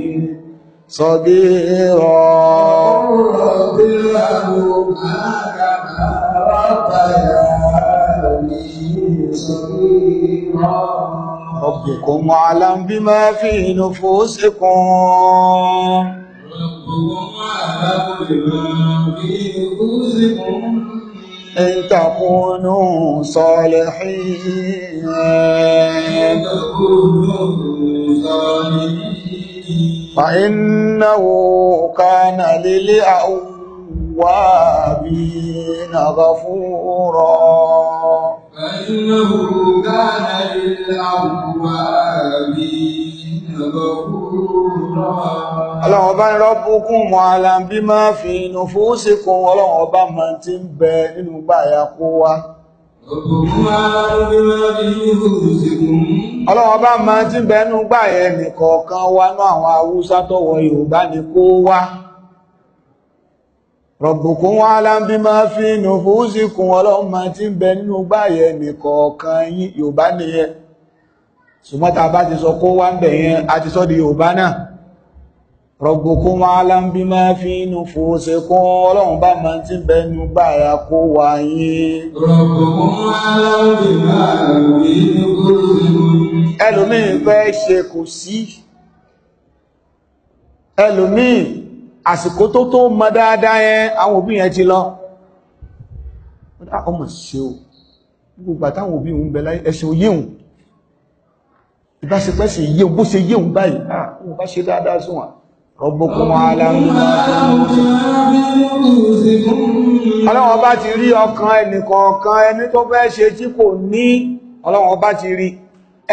sọ́dí rọ̀ ربكم أعلم بما في نفوسكم ربكم أعلم بما في نفوسكم إن تكونوا صالحين إن تكونوا صالحين فإنه كان للأوابين غفورا فإنه كان للأوابين غفورا ọlọ́run ọba mọ́ máa fi inú fúúsìkún ọlọ́run ọba ma ti ń bẹ nínú ya kó wá ọlọ́run ọba ti ń bẹ nínú báyà ẹnìkọ̀ọ̀kan wá náà àwọn haúsá tọ̀wọ̀ yorùbá ni kó wá rọ̀bùkún wọn aláǹbí máa fi nùfúùsìkún ọlọ́mọ tí ń bẹ nínú gbáyẹ nìkọ̀ọ̀kan yín yorùbá nìyẹn ṣùgbọ́n tá a bá ti sọ kó wá ń bẹ̀ yẹn a ti sọ di yorùbá náà rọ̀bùkún wọn aláǹbí máa fi nùfúùsìkún ọlọ́run bá máa ti ń bẹ nínú gbáyà kó wá yín. rọ̀bùkún wọn aláǹbí máa fi nùfúùsìkún. ẹlòmíì fẹ́ ṣe kù sí ẹlòmíì àsìkò tó tó mọ dáadáa yẹn àwọn òbí yẹn ti lọ ah, ọmọ ṣe o gbogbo àtàwọn òbí òun bẹ láyé ẹ̀sìn òyéhùn ìbáṣepẹ́sì yéhùn bó ṣe yéhùn báyìí àwọn ah, bá ṣe dáadáa sí wọn rọ́gbọ́kún aláwọ̀ bá ti rí ọkàn ẹnìkọ̀ọ̀kan ẹni tó fẹ́ ṣe tí kò ní ọlọ́wọ̀n bá ti rí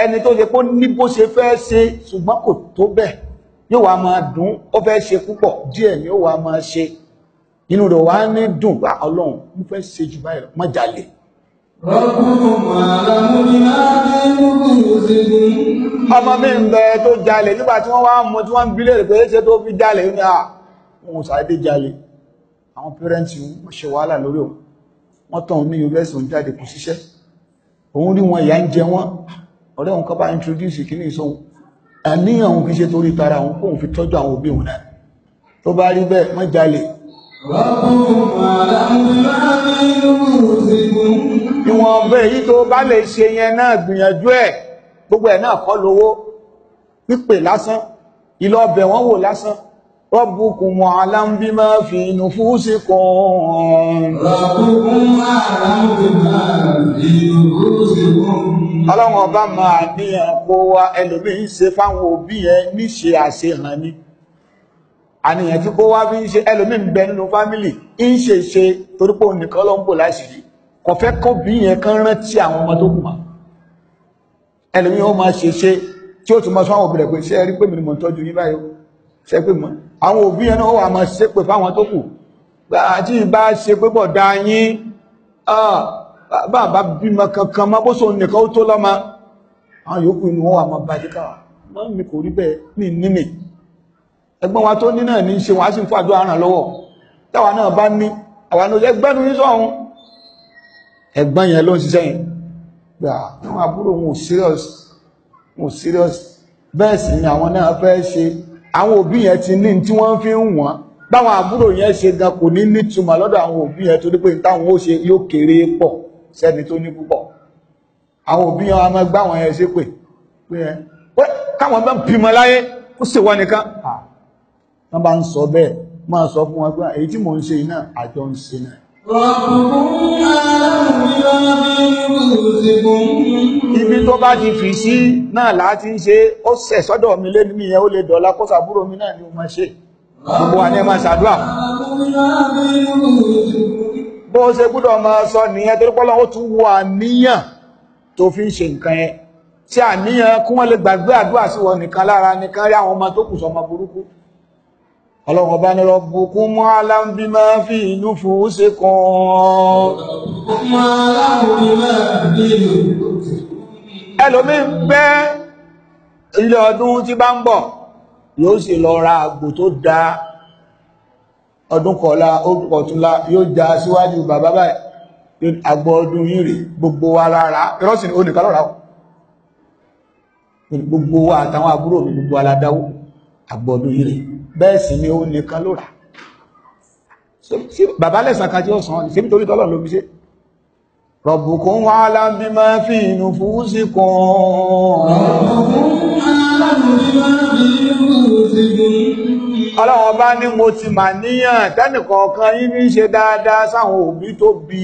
ẹni tó ṣe kó ní bó ṣe fẹ́ ṣe ṣùgbọ́n kò tó bẹ́ẹ̀ yóò wá máa dùn ó fẹ́ ṣe púpọ̀ díẹ̀ ni ó wá máa ṣe inú rẹ̀ wá ní dùn bá ọlọ́run mo fẹ́ ṣe jù báyìí lọ mọ́ jalè. ọmọ mi ń bẹ tó jalè nígbà tí wọ́n wá mú tí wọ́n ń bílẹ̀ pé ṣe tó fi jalè ní à wọn ò sáré jalè àwọn pẹ́rẹ́ǹtì wọ́n ṣe wàhálà lórí òun wọ́n tàn ní us òun jáde kò ṣiṣẹ́ òun rí wọn ìyà ń jẹ wọn ọ̀rẹ́ òun kọ́ bá introduce kìíní ìsọ̀hún àníyàn òun kìí ṣe torí tara òun kóun fi tọ́jú àwọn òbí òun náà tó bá rí bẹ́ẹ̀ má jalè ìwọ̀n bẹ́ èyí tó bá lè ṣe yẹn náà gbìyànjú ẹ̀ gbogbo ẹ̀ náà kọ́ lówó pípè lásán ìlọ́ọ̀bẹ̀ wọ́n wò lásán ربكم أعلم بما في نفوسكم ربكم أعلم بما في نفوسكم ọlọ́run ọba máa ní ẹ̀kọ́ wa ẹlòmí ń ṣe fáwọn òbí ẹ níṣe àṣehàn ni àníyàn tí kó wá bí ń ṣe ẹlòmí ń bẹ nínú fámílì ń ṣe ṣe torípò nìkan ló ń bò láṣìírí kò fẹ́ kó bí yẹn kán rántí àwọn ọmọ tó kù ṣépè mọ́ àwọn òbí yẹn náà wà máa ṣépè fáwọn tó kù àti ìbá ṣe pé bọ̀ da yín bàbá bímọ kankan mọ́ bó so nìkan ó tó lọ́mọ àwọn yòókù inú wọn wà máa bàjẹ́ káwà mọ́ mi kò rí bẹ́ẹ̀ ní nínì ẹgbọ́n wa tó ní náà ní ṣe wọ́n serious wọn serious bẹ́ẹ̀ sì ni àwọn náà fẹ́ ṣe àwọn òbí yẹn ti ní tí wọ́n fi ń wọ́n báwọn àbúrò yẹn ṣe gan kò ní nítumọ̀ lọ́dọ̀ àwọn òbí yẹn torí pé táwọn ó ṣe yóò kéré pọ̀ sẹ́ni tó ní púpọ̀ àwọn òbí yẹn a máa gbá àwọn yẹn ṣe pé pé ẹ káwọn bá bímọ láyé kó sì wá nìkan wọ́n bá ń sọ bẹ́ẹ̀ máa sọ fún wọn pé èyí tí mò ń ṣe yìí náà àjọ ń ṣe náà ibi tó bá ti fi sí náà láti ń ṣe ó sẹ̀ sọ́dọ̀ mi lé nínú ìyẹn ó lè dọ̀lá kó sàbúrò mi náà ni ó máa ṣe gbogbo wa ní ẹ máa ṣàdúrà bó ṣe gbọ́dọ̀ máa sọ nìyẹn torí pọ́lọ́ ó tún wo àníyàn tó fi ń ṣe nǹkan yẹn tí àníyàn kí ọlọ́run ọba ní rọ̀bùkún mọ́ aláǹbí máa fi ìlú fòó ṣe kan ẹlòmí ń pẹ́ ilé ọdún tí bá ń bọ̀ yóò sì lọ ra àgbò tó da ọdún kọ̀ọ̀la ọdúnkọ̀túnla yóò já síwájú bàbá báyìí àgbò ọdún yìí rè gbogbo wa lára ìrọ́sìn oníkan lọ́ra gbogbo wa àtàwọn àbúrò mi gbogbo aládáwó àgbò ọdún yìí rè bẹ́ẹ̀ sì ni ó nìkan ló rà tí bàbá lẹ́sàn kan tí ó sàn sí nítorí ló fi ṣe rọ̀bùkún wá lábí máa fi inú fún sí kan rọ̀bùkún wá máa fi inú fún sí kan ọlọ́wọ́ bá ní mo ti mà níyàn tẹ́nìkọ̀ọ̀kan yín ní ṣe dáadáa sáwọn òbí tó bí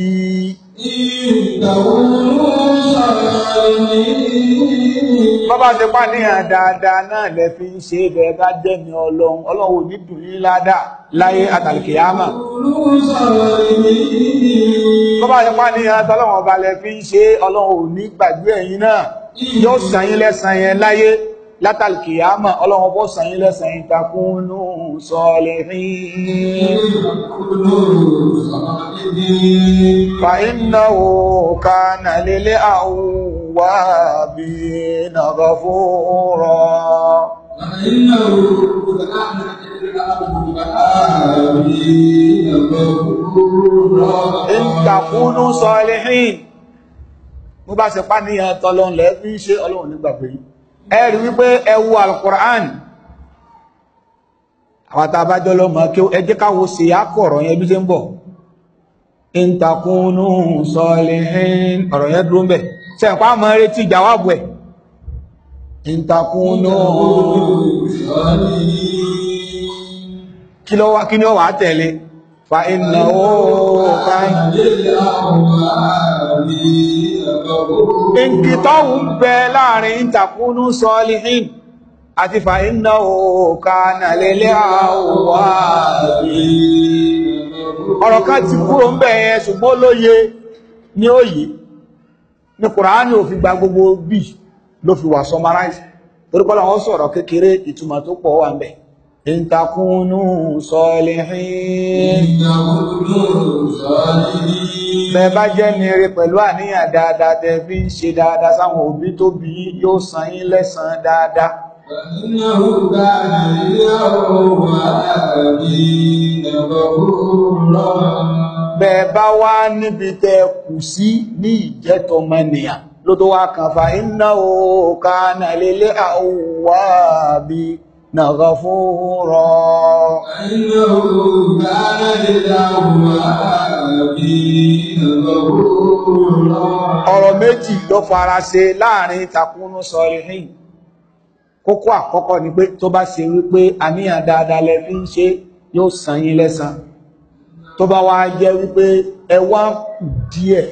bọ́bá ti pà níyàn dáadáa náà lẹ fi ń ṣe ibẹ̀ bá jẹ́ni ọlọ́run ọlọ́run ní dùn yín ládàá láyé àtàlìkìyàmà bọ́bá ti yóò sàn yín lẹ́sàn yẹn láyé látàlùkìyàmà ọlọ́run bọ́ sàyín lẹ́sàyín takúnú sọ́lẹ̀hìn fàínàwó kànà lélé àwọ̀wà bí nàgà fóòrọ̀ fàínàwó kànà lélé mú bá ṣe pá níyàn tọ́lọ́run lẹ́fí ṣe ọlọ́run nígbàgbé yìí ẹ̀rí wípé ẹwu alukur'an àwọn tá a bá jọlọ mọ kí ẹ jẹ́ káwo ṣe àkọ̀rọ̀ yẹn bí ṣe ń bọ̀ ìntàkùnú sọlẹ̀hìn ọ̀rọ̀ yẹn dúró ń bẹ̀ ṣe ẹ̀kọ́ àmọ́ retí ìjàwábù ẹ̀ ìntàkùnú kí lọ́wọ́ kí ni ó wà á tẹ̀lé fa ìnáwó kan ìkìtọ́hùn ń bẹ láàrin ìtàkúnú sọlihin àti fàínà òkà nàlẹ́lẹ́ àwọ̀ ọ̀rọ̀ kan ti kúrò ń bẹ̀ yẹn ṣùgbọ́n lóye ní òye ní Kùránì ò fi gba gbogbo bí ló fi wà summarize torípọ́lọ̀ wọ́n sọ̀rọ̀ kékeré ìtumọ̀ tó pọ̀ wà ń bẹ̀ إن تكونوا صالحين Bẹ́ẹ̀ bá jẹ́ ní eré pẹ̀lú àníyàn dáadáa tẹ́ fi ń ṣe dáadáa sáwọn òbí tó bí yóò san yín lẹ́san dáadáa. Bẹ́ẹ̀ bá wá níbi tẹ́ kù sí ní ìjẹ́tọmọnìyàn ló tó wá kàn fa innahu kana lil awwabin. غفورا إنه كان ọ̀rọ̀ méjì ló faraṣe láàrin takúnú sọ̀rìhìn kókó àkọ́kọ́ ni pé tó bá ṣe wípé àníyàn dáadáa lẹ ń ṣe yóò san yín tó bá wá jẹ́ wípé ẹ díẹ̀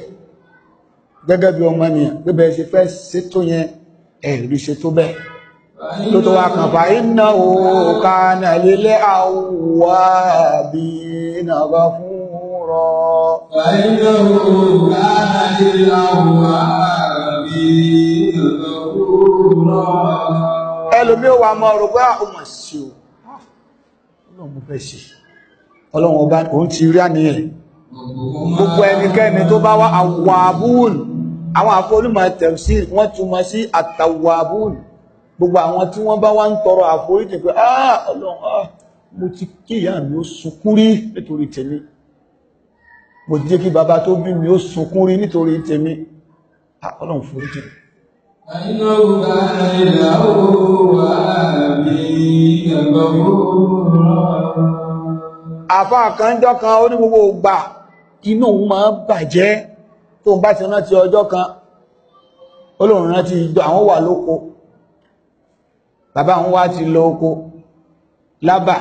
gẹ́gẹ́ bí ọmọ ènìyàn pé bẹ́ẹ̀ ṣe fẹ́ ṣètò yẹn ẹ̀rí ṣètò bẹ́ẹ̀ tó tó wá kàn fà iná òkà náà lílé àwọ̀ bí iná bá fún rọ ẹlòmí ah, ó wà mọ́ ọ̀rọ̀ pé ọmọ sí o ọlọ́run mú fẹ́ sí ọlọ́run ọba òun ti rí àníyàn gbogbo ẹnikẹ́ni tó bá wá àwàbùn àwọn àfọ́lùmọ̀ tẹ̀sí wọ́n túmọ̀ sí àtàwàbùn gbogbo àwọn tí wọ́n bá wá ń tọrọ àforíjì pé ah ọlọ́run ah mo ti kíyà mi ó sunkún rí nítorí tèmi mo ti jẹ́ kí bàbá tó bí mi ó sunkún nítorí tèmi ah ọlọ́run foríjì àfá kan jọ́ kan ó ní gbogbo ògbà inú òun máa bàjẹ́ tó ń bá ti rántí ọjọ́ kan Ọlọ́run rántí àwọn wà lóko bàbá wọn wá ti lọ oko lábà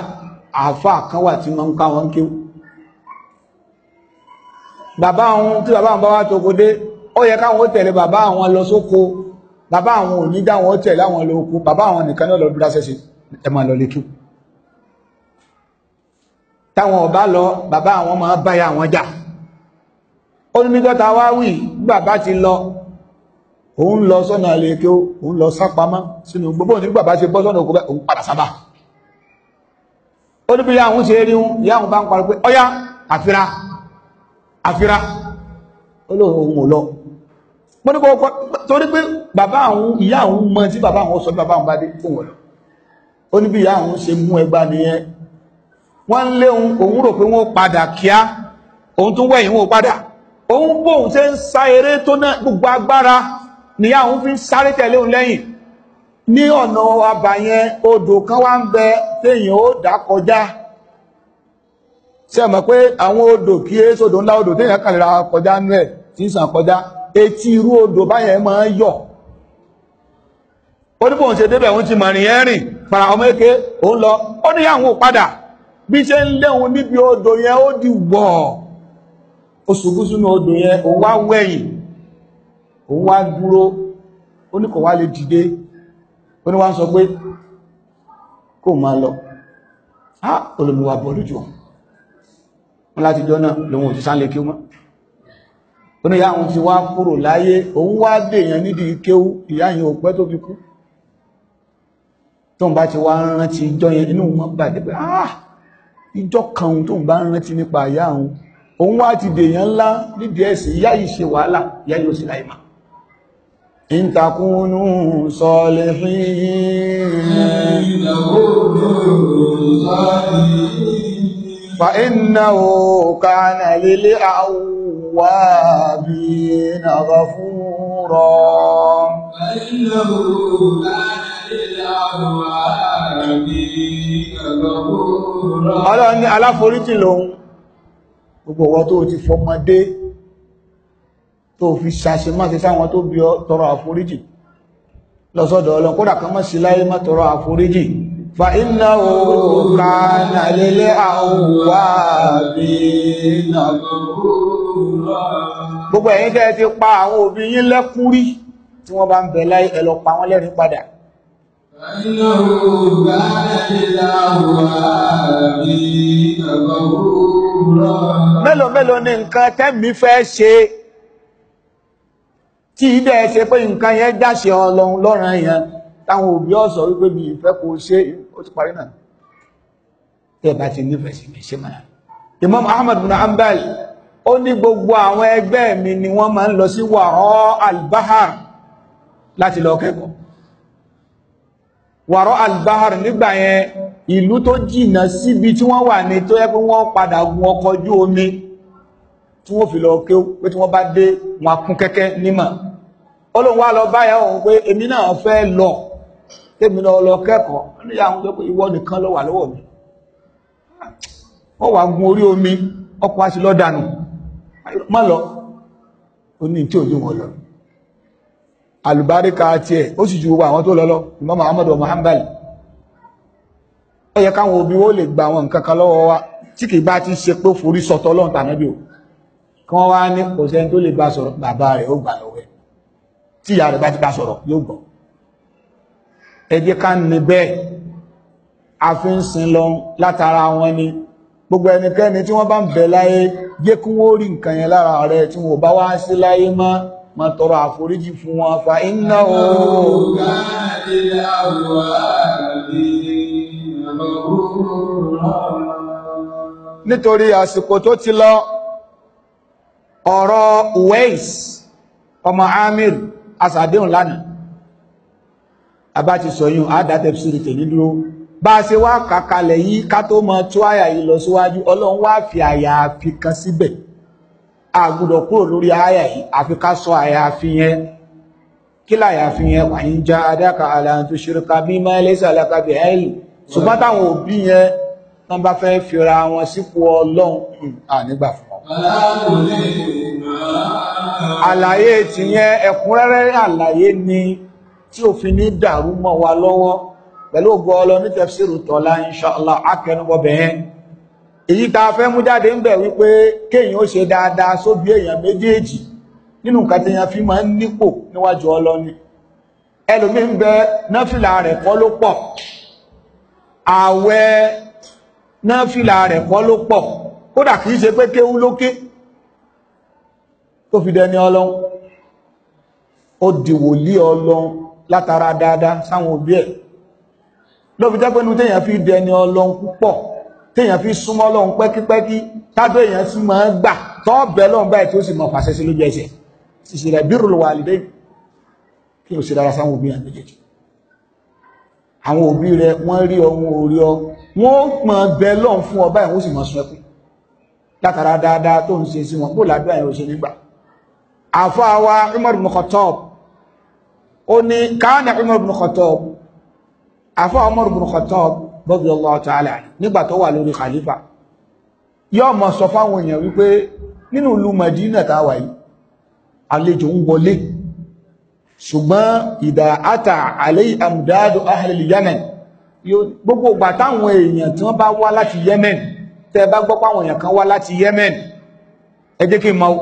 àáfà kan wà tí mo ń ká wọn kí bàbá wọn tí bàbá wọn bá wá toko dé ó yẹ káwọn ó tẹ̀lé bàbá wọn lọ sóko bàbá àwọn ò ní dá wọn tẹ̀lé àwọn lọ oko bàbá àwọn nìkan náà lọ dúró sẹ́sẹ̀ ẹ máa lọ lè kí táwọn ọba lọ bàbá àwọn máa báyà wọn jà ó ní nígbà wá wì bàbá ti lọ òun lọ sọ́nà àlèkè òun lọ sápamọ́ sínú gbogbo ní bàbá ṣe bọ́ sọ́nà òkú òun padà sábà ó níbi yáhùn ṣe rí wọn yáhùn bá ń parí pé ọyá àfira àfira ó lóun òun ò lọ mo ní kò kọ torí pé bàbá àwọn ìyá àwọn òun ò lọ ń sá eré tó náà gbogbo agbára níyà òun fi ń sáré tẹ̀lé òun lẹ́yìn ní ọ̀nà àbà yẹn odò kan wá ń bẹ téèyàn ó dá kọjá ṣe mọ̀ pé àwọn odò kí é sódò ńlá odò téèyàn kàn kọjá nú ẹ̀ tí ń sàn kọjá etí irú odò báyẹn máa ń yọ̀ ó ní bóun ṣe débẹ̀ òun ti mọ̀rìn yẹn rìn para ọmọ eke òun lọ ó ní àwọn ò padà bí ṣe ń léhun níbi odò yẹn ó di wọ̀ ó ṣubú sínú odò yẹn òun wá wẹ̀yìn òun wá dúró ó ní kò wá lè dìde ó ní wá ń sọ pé kò máa lọ á olómi wa bọ̀ lójú ọ̀hún wọn láti jọ náà lòun ò sì sáńlé kí ó mọ́ ó ní ìyá òun ti wá kúrò láyé òun wá dèèyàn nídìí kéwú ìyá yìí ò pẹ́ tó fi kú tóun bá ti wá rántí ìjọ yẹn inú wọn bàdé pé ah ìjọ kan tóun bá rántí nípa ìyá òun òun wá ti dèèyàn ńlá nídìí ẹ̀sìn ìyá yìí ṣe wàhálà ìyá yìí ò sì láì máa إن تكونوا صالحين فإنه كان للأوابين غفورا فإنه كان للأوابين غفورا ọlọ́ni aláforíjì lòun gbogbo ọwọ́ tó ti fọmọdé tó fi ṣàṣe má ṣe sáwọn tó bí ọ tọrọ àforíjì lọ́sọ́dọ̀ ọlọ́run kódà kan mọ́ sí láyé má tọrọ àforíjì fa iná òkà nàlélẹ́ àwùwá bí gbogbo ẹ̀yin tẹ́ ti pa àwọn òbí yín lẹ́kúrí tí wọ́n bá ń bẹ̀ láyé ẹ lọ pa wọ́n lẹ́rìn padà mélòó mélòó ni nǹkan tẹ́mi fẹ́ ṣe tí ìdẹ́ ṣe pé nǹkan yẹn jáṣe ọlọ́run lọ́ràn yẹn táwọn òbí ọ̀sọ̀ wípé mi ìfẹ́ kò ṣe ó ti parí náà tẹ́ bá ti nífẹ̀ẹ́ sí mi ṣe máa Imam Ahmad bin Hanbal ó ní gbogbo àwọn ẹgbẹ́ mi ni wọ́n máa ń lọ sí wàhọ́ albahar láti lọ kẹ́kọ̀ọ́ wàrọ́ albahar nígbà yẹn ìlú tó jìnà síbi tí wọ́n wà ní tó yẹ pé wọ́n padà gun ọkọ̀ ojú omi tí wọ́n fi lọ kéw pé tí wọ́n bá dé wọn kún kẹ́kẹ́ nímọ̀ olóhùn wá lọ báyà òun pé èmi náà fẹ́ lọ tèmi náà lọ kẹ́kọ̀ọ́ níyà àwọn tó pé ìwọ nìkan ló wà lọ́wọ́ mi wọ́n wà gun orí omi ọkọ̀ àti lọ́dànù má lọ ó ní tí ò ní wọn lọ alùbáríkà tiẹ̀ ó sì ju gbogbo àwọn tó lọ lọ Imam Ahmad wa Muhammad ó yẹ káwọn òbí ó lè gba àwọn nǹkan kan lọ́wọ́ wa tí kì bá ti ṣe pé forí sọtọ́ lọ́n tànábì o kí wọ́n wá ní kò sẹ́ni tó lè bá sọ̀rọ̀ bàbá rẹ̀ ó gbà lọ́wọ́ tí ìyá rẹ̀ bá ti bá sọ̀rọ̀ yóò gbọ́ ẹ ká ní a fi ń sin lọ látara wọn ni gbogbo ẹnikẹ́ni tí wọ́n bá ń bẹ láyé jẹ́ kí wọ́n rí nǹkan yẹn lára rẹ̀ tí wọ́n bá wá sí láyé mọ́ ma tọrọ àforíjì fún wọn fa iná ooo nítorí àsìkò tó ti lọ ọ̀rọ̀ ọmọ Amir asàdéhùn lánàá abá ti sọyún àádá tẹ̀síìrì tèmi dúró bá a ṣe wá kàkalẹ̀ yìí ká tó mọ tó àyà yìí lọ síwájú ọlọ́run wá fi àyà àfi kan síbẹ̀ a gbọ́dọ̀ kúrò lórí àyà yìí àfi ká sọ àyà àfi yẹn kí láyà àfi yẹn wà ń já adáka àlàǹtò ṣèrìkà bí mẹ́lẹ́sà lákàbí ẹ̀ẹ́lì ṣùgbọ́n táwọn òbí yẹn tán bá fẹ́ fi ra wọn sípò ọlọ́run ànígbà hmm, fún wọn. àlàyé tìyẹn ẹ̀kúnrẹ́rẹ́ àlàyé ni tí òfin ní dàrú mọ́ wa lọ́wọ́ pẹ̀lú ògbọ́ ọlọ ní tẹ̀fsíìrù tọ́lá inṣọ́lá akẹnubọ̀bẹ̀ yẹn èyí tá a fẹ́ mú jáde ń bẹ̀ wípé kéèyàn ó ṣe dáadáa sóbí èèyàn méjèèjì nínú nǹkan tí fi máa ń nípò níwájú ọlọ́ni ẹlòmíín bẹ náfìlà rẹ̀ kọ́ ló pọ̀ ààwẹ̀ náfìlà rẹ̀ kọ́ ló pọ̀ kódà kìí ṣe pé kéwú lókè tó fi dẹni ọlọ́run ó di wòlíì ọlọ́run látara dáadáa sáwọn òbí ẹ̀ ló fi jẹ́ pé inú téèyàn fi dẹni ọlọ́run púpọ̀ téèyàn fi súnmọ́ ọlọ́run pẹ́kípẹ́kí tábí èèyàn sì máa gbà tọ́ọ̀bẹ̀ lọ́run báyìí tí ó sì máa pàṣẹ sí lójú ẹsẹ̀ ìṣẹ̀lẹ̀ birrul walidayn kí o sì dára sáwọn òbí ẹ̀ àwọn òbí rẹ̀ wọ́n rí ọmọ orí ọ wọ́n pọ̀ bẹ lọ́n fún ọba ìwọ́n sì mọ̀ sun ẹkún látara dáadáa tó ń ṣe sí wọn bó làdúrà yẹn ò ṣe nígbà àfọ àwa Umar ibn Khattab ó ní káànà Umar ibn Khattab àfọ Umar ibn Khattab radiyallahu ta'ala nígbà tó wà lórí khalifa yóò mọ̀ sọ fáwọn èèyàn wípé nínú ìlú Madina tá a wà yìí àlejò ń wọlé ṣùgbọ́n ìdá àtà àlẹ́ àmúdáàdù ahlil Yaman gbogbo ìgbà táwọn èèyàn tí wọ́n bá wá láti Yemen tẹ́ bá gbọ́ páwọn èèyàn kan wá láti Yemen ẹ jẹ́ kí n mọ̀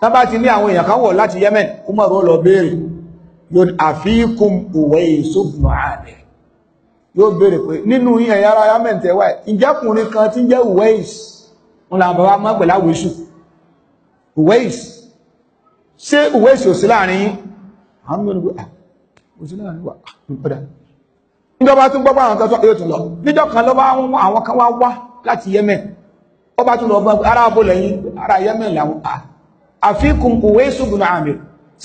tán bá ti ní àwọn èèyàn kan wọ̀ láti Yemen Umaru lọ béèrè yóò ní àfíkún òwe ìṣòbùnà ààrẹ yóò béèrè pé nínú ìyẹn Yemen tẹ́wà ìjẹ́kùnrin kan tí ń jẹ́ Uwais ń la bàbá mọ́ pẹ̀lú àwòṣù Uwais ṣé Uwais ò sí láàrin níjọ́ bá tún gbọ́gbọ́ àwọn tó yóò tún lọ níjọ́ kan ló bá àwọn kan wá Yemen bá tún ara lẹ́yìn ara Yemen làwọn àfikún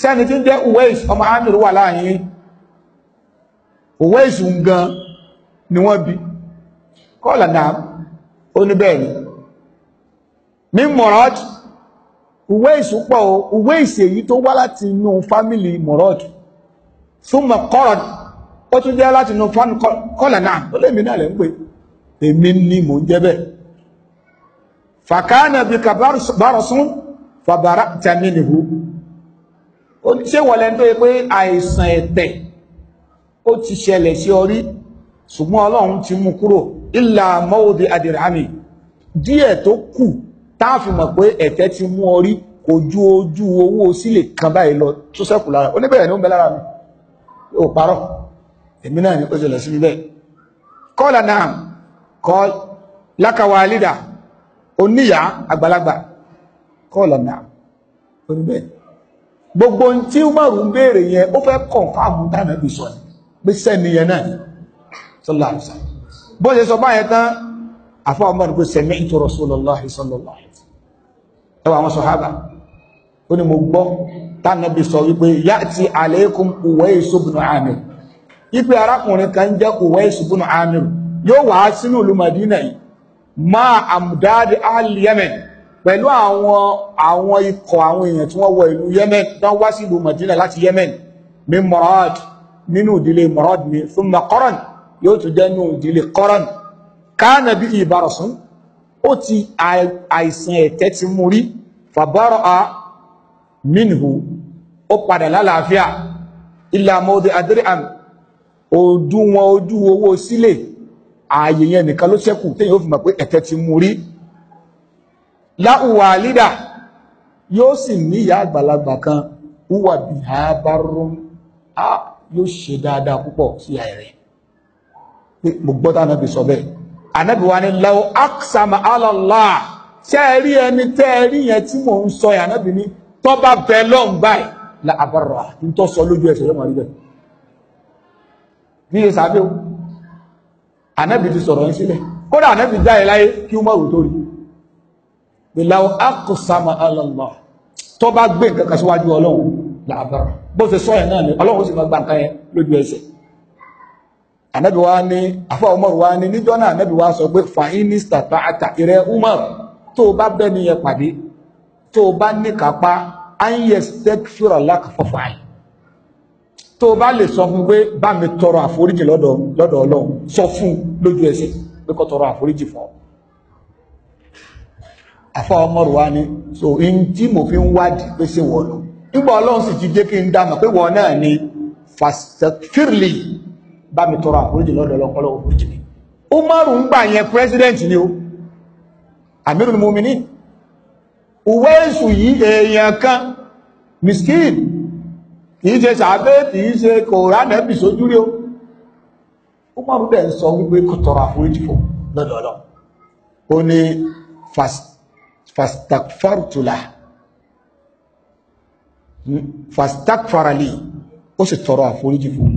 sẹ́ni tí ń jẹ́ wà gan ni wọ́n náà ó ní bẹ́ẹ̀ ni mọ̀rọ́d pọ̀ tó wá láti inú fámìlì ó tún jẹ́ láti nu fan kọ́là náà ó lè mí náà lẹ́ ń pè èmi ni mò ń jẹ́ bẹ́ẹ̀ fàkánà bí ka bárọ̀sún fàbàrà tàmí nìhu ó ṣé wọ́n lẹ́nu tó yẹ pé àìsàn ẹ̀tẹ̀ ó ti ṣẹlẹ̀ sí ọ rí ṣùgbọ́n ọlọ́run ti mú kúrò ìlà mọ́wòdì àdìrámì díẹ̀ tó kù táàfin mọ̀ pé ẹ̀tẹ̀ ti mú ọ kò ju ojú owó sílè kan báyìí lọ tó ṣẹ́kù lára oníbẹ̀rẹ̀ ni ó ń bẹ lára mi ò parọ́ èmi náà ní ó ṣẹlẹ̀ sí mi bẹ́ẹ̀ kọ́ọ̀lá náà kọ́ lákàwà lídà oníyà àgbàlagbà kọ́ọ̀lá náà ó ní bẹ́ẹ̀ gbogbo ohun tí Umaru ń béèrè yẹn ó fẹ́ kàn fún àmúta náà bí sọ ni pé sẹ́ni yẹn náà ni sallallahu alaihi wasallam bó ṣe sọ báyẹn tán àfọ ipe arákùnrin kan jẹ́ kò wẹ́ ìṣùgbọ́n amiru yóò wá sínú ìlú Madina yìí máa amdad al-Yemen pẹ̀lú àwọn àwọn ikọ̀ àwọn èèyàn tí wọ́n wọ ìlú Yemen tán wá sí ìlú láti Yemen ní Murad nínú ìdílé Murad ní fún makoran yóò tún jẹ́ òdúwọn ojú owó sílẹ̀ ààyè yẹn nìkan ló ṣẹ́kù téyàn ó fi mọ̀ pé ẹ̀tẹ́ ti mú rí láhùwà lídà yóò sì ní ìyá àgbàlagbà kan wúwà bí i àbárún á yóò ṣe dáadáa púpọ̀ sí àìrẹ̀ pé mo gbọ́ tá ànábì sọ bẹ́ẹ̀ ànábì wa ni lọ aksama alọ́lá ṣé ẹ rí ẹni tẹ́ ẹ rí yẹn tí mò ń sọ ànábì ni tọ́ bá bẹ lọ́n báyìí la àbárà ń tọ́ sọ lójú ẹsẹ̀ yóò máa rí bẹ́ẹ̀ ní ìsàbẹ̀ o ànábì ti sọ̀rọ̀ sílẹ̀ kódà ànábì jáde láyé kí Umaru tó rí ìlàwọ̀ akọ̀sàmà alàlá tó bá gbé nǹkan kan síwájú ọlọ́run làbára bó ṣe sọ ẹ̀ náà ni ọlọ́run sì máa gba nǹkan yẹn lójú ẹsẹ̀ ànábì wa ní àfọ Umaru wa ní níjọ́ náà ànábì wa sọ pé tó bá lè sọ fún pé bá mi tọrọ àforíjì lọ́dọ̀ lọ́dọ̀ ọlọ́run sọ fún lójú ẹsẹ̀ pé kó tọrọ àforíjì fún ọ àfọ ọmọrù wa ni so in tí mo fi ń wádìí pé ṣé wọ́n lọ nígbà ọlọ́run sì ti jẹ́ kí n dámọ̀ pé wọ́n náà ni fastakirli bá mi tọrọ àforíjì lọ́dọ̀ ọlọ́run àforíjì mi umaru ń gbà yẹn president ni o amirul mumini uwẹ́sù yìí èèyàn kan miskin kìí ṣe ṣàbẹ́ kìí ṣe kò ránẹ́bì sójú rí o ó mọ̀ rúdẹ̀ ń sọ wípé kò tọrọ àforíjì fún lọ́dọọlọ́ ó ní fastakfartula hmm, fastakfarali ó sì tọrọ àforíjì fún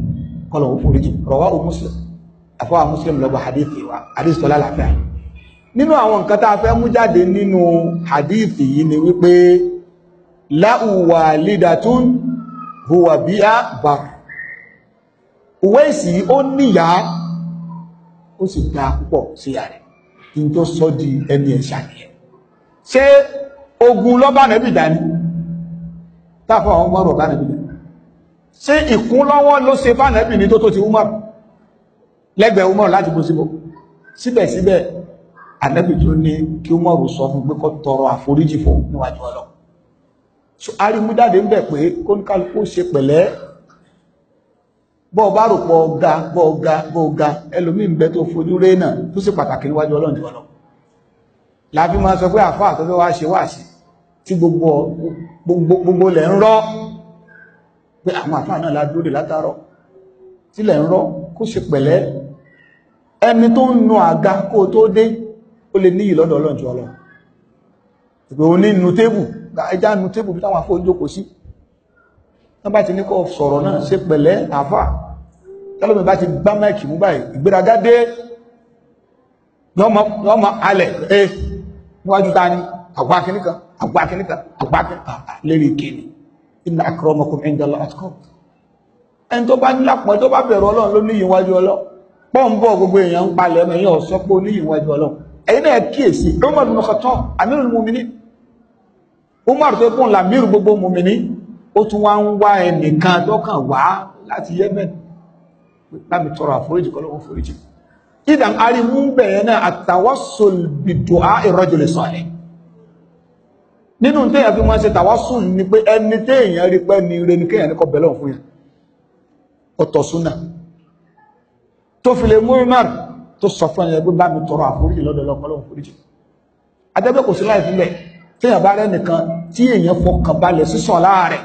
kọlọ̀ òforíjì rọwá o muslim àfọwà muslim lọ́gbà hadithi wa hadithi tọ́lá láfẹ́ nínú àwọn nǹkan tá a fẹ́ mú jáde nínú hadithi yìí ni wípé láùwà lídàtún huwa biya bar Uwaisi ó níyà ó sì dá púpọ̀ sí yà rẹ̀ in tó sọ di ẹni ẹ̀ṣà nìyẹn ṣé ogun lọ́bà nẹ́bì dání táfà àwọn ọmọ rọ̀bà nẹ́bì dání ṣé ìkún lọ́wọ́ ló ṣe bá nẹ́bì ní tó tó ti Umar lẹ́gbẹ̀ẹ́ Umar láti bó síbò síbẹ̀síbẹ̀ ànẹ́bì tó ní kí Umar sọ fún pé kó tọrọ àforíjì fún níwájú ọlọ́ so a rí mú jáde ń bẹ̀ pé kó ní kálukú ṣe pẹ̀lẹ́ bọ́ ọ bá rò pọ̀ ga bọ́ ọ ga bọ́ ọ ga ẹlòmíì ń bẹ tó fojú ré náà tó sì pàtàkì níwájú ọlọ́run jù ọlọ́run láàfi máa sọ pé àfáà tó fẹ́ wá ṣe wá sí tí gbogbo lẹ̀ ń rọ́ pé àwọn àfáà náà ládúró dè látàárọ̀ tí lẹ̀ ń rọ́ kó ṣe pẹ̀lẹ́ ẹni tó ń nu àga kó tó dé ó lè níyì lọ́dọ̀ ọlọ́run jù ọlọ́run ẹjá nu tébù bí táwọn afọ́ jókòó sí wọ́n bá ti ní kọ́ sọ̀rọ̀ náà ṣe pẹ̀lẹ́ àfà tẹ́lọ́mì bá ti gbá mẹ́ẹ̀kì mú báyìí ìgbéraga dé yọ́ mọ alẹ̀ ẹ níwájú ta ni àgbà kìnìkan àgbà kìnìkan àgbà kìnìkan ah, lérí ìkéni inna akramakum inda Allah atqakum ẹni tó bá nílápọ̀ tó bá bẹ̀rù ọlọ́run ló níyìn wájú ọlọ́run pọ́ǹbọ̀ gbogbo èèyàn ń palẹ̀ ẹ̀mẹ̀yìn ọ̀sọ́pọ̀ níyìn wájú umar tó kún lamiru gbogbo mùmíní ó tún wá ń wá ẹnìkan tó kàn wá láti yemen láti tọrọ àforíjì kọ́ lọ́wọ́ foríjì ìdàn arimú bẹ̀yẹn náà àtàwọ́sùl bìdùá ìrọ́jùlẹ̀ sọ̀lẹ̀ nínú téèyàn fi máa ń ṣe tàwọ́sùl ni pé ẹni téèyàn rí pẹ́ ni ire ni kéèyàn ní kọ́ bẹ̀lọ́ fún yẹn ọ̀tọ̀ súnà tó fi lè mú téèyàn bá rẹ nìkan tí èèyàn fọkàn balẹ̀ sísọ láàrẹ̀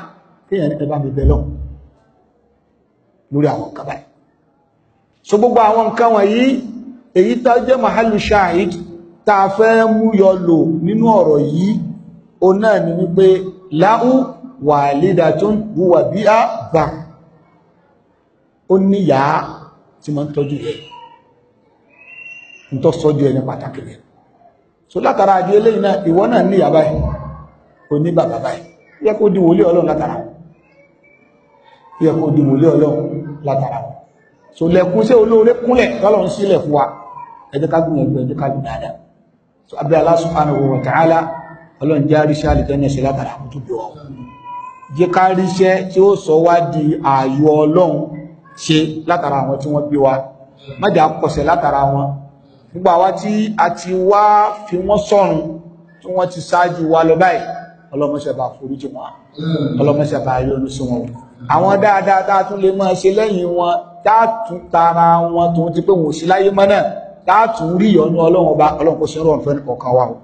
téèyàn ní ẹbá mi bẹ lọ lórí àwọn nǹkan báyìí so gbogbo àwọn nǹkan wọ̀nyí èyí tó jẹ́ mahalu shahid tá fẹ́ mú yọ lò nínú ọ̀rọ̀ yìí o náà ni wípé láhù walidatun huwa biha bá ó ní tí máa ń tọ́jú rẹ̀ ń tọ́ sọ́jú ẹni pàtàkì rẹ̀ so látara àdí eléyìí náà ìwọ náà ní ìyá báyìí kò ní bàbá báyìí yẹ kó di wòlé ọlọ́run látara yẹ kó di wòlé ọlọ́run látara so lẹ̀kún sí olóore kúnlẹ̀ tọ́lọ́run sílẹ̀ fún wa ẹ jẹ́ ká gbìyànjú ẹ jẹ́ ká gbìyànjú dáadáa so abẹ́ Allah subhanahu wa ta'ala ọlọ́run jẹ́ àríṣẹ́ àlìtẹ́ni gbogbo àwa tí a ti wá fi wọ́n sọ̀rùn tí wọ́n ti ṣáájú wa lọ báyìí ọlọ́mọṣẹ́ bá foríjì wọn ọlọ́mọṣẹ́ bá yọ́nú sí wọn àwọn dáadáa tá a tún lè máa ṣe lẹ́yìn wọn tá a tún tara wọn tó ti pé wọn ò sí láyé mọ́ náà tá a tún rí ìyọ́nú ọlọ́run ọba ọlọ́run kò sí rọrùn fẹ́ni kọ̀ọ̀kan wa o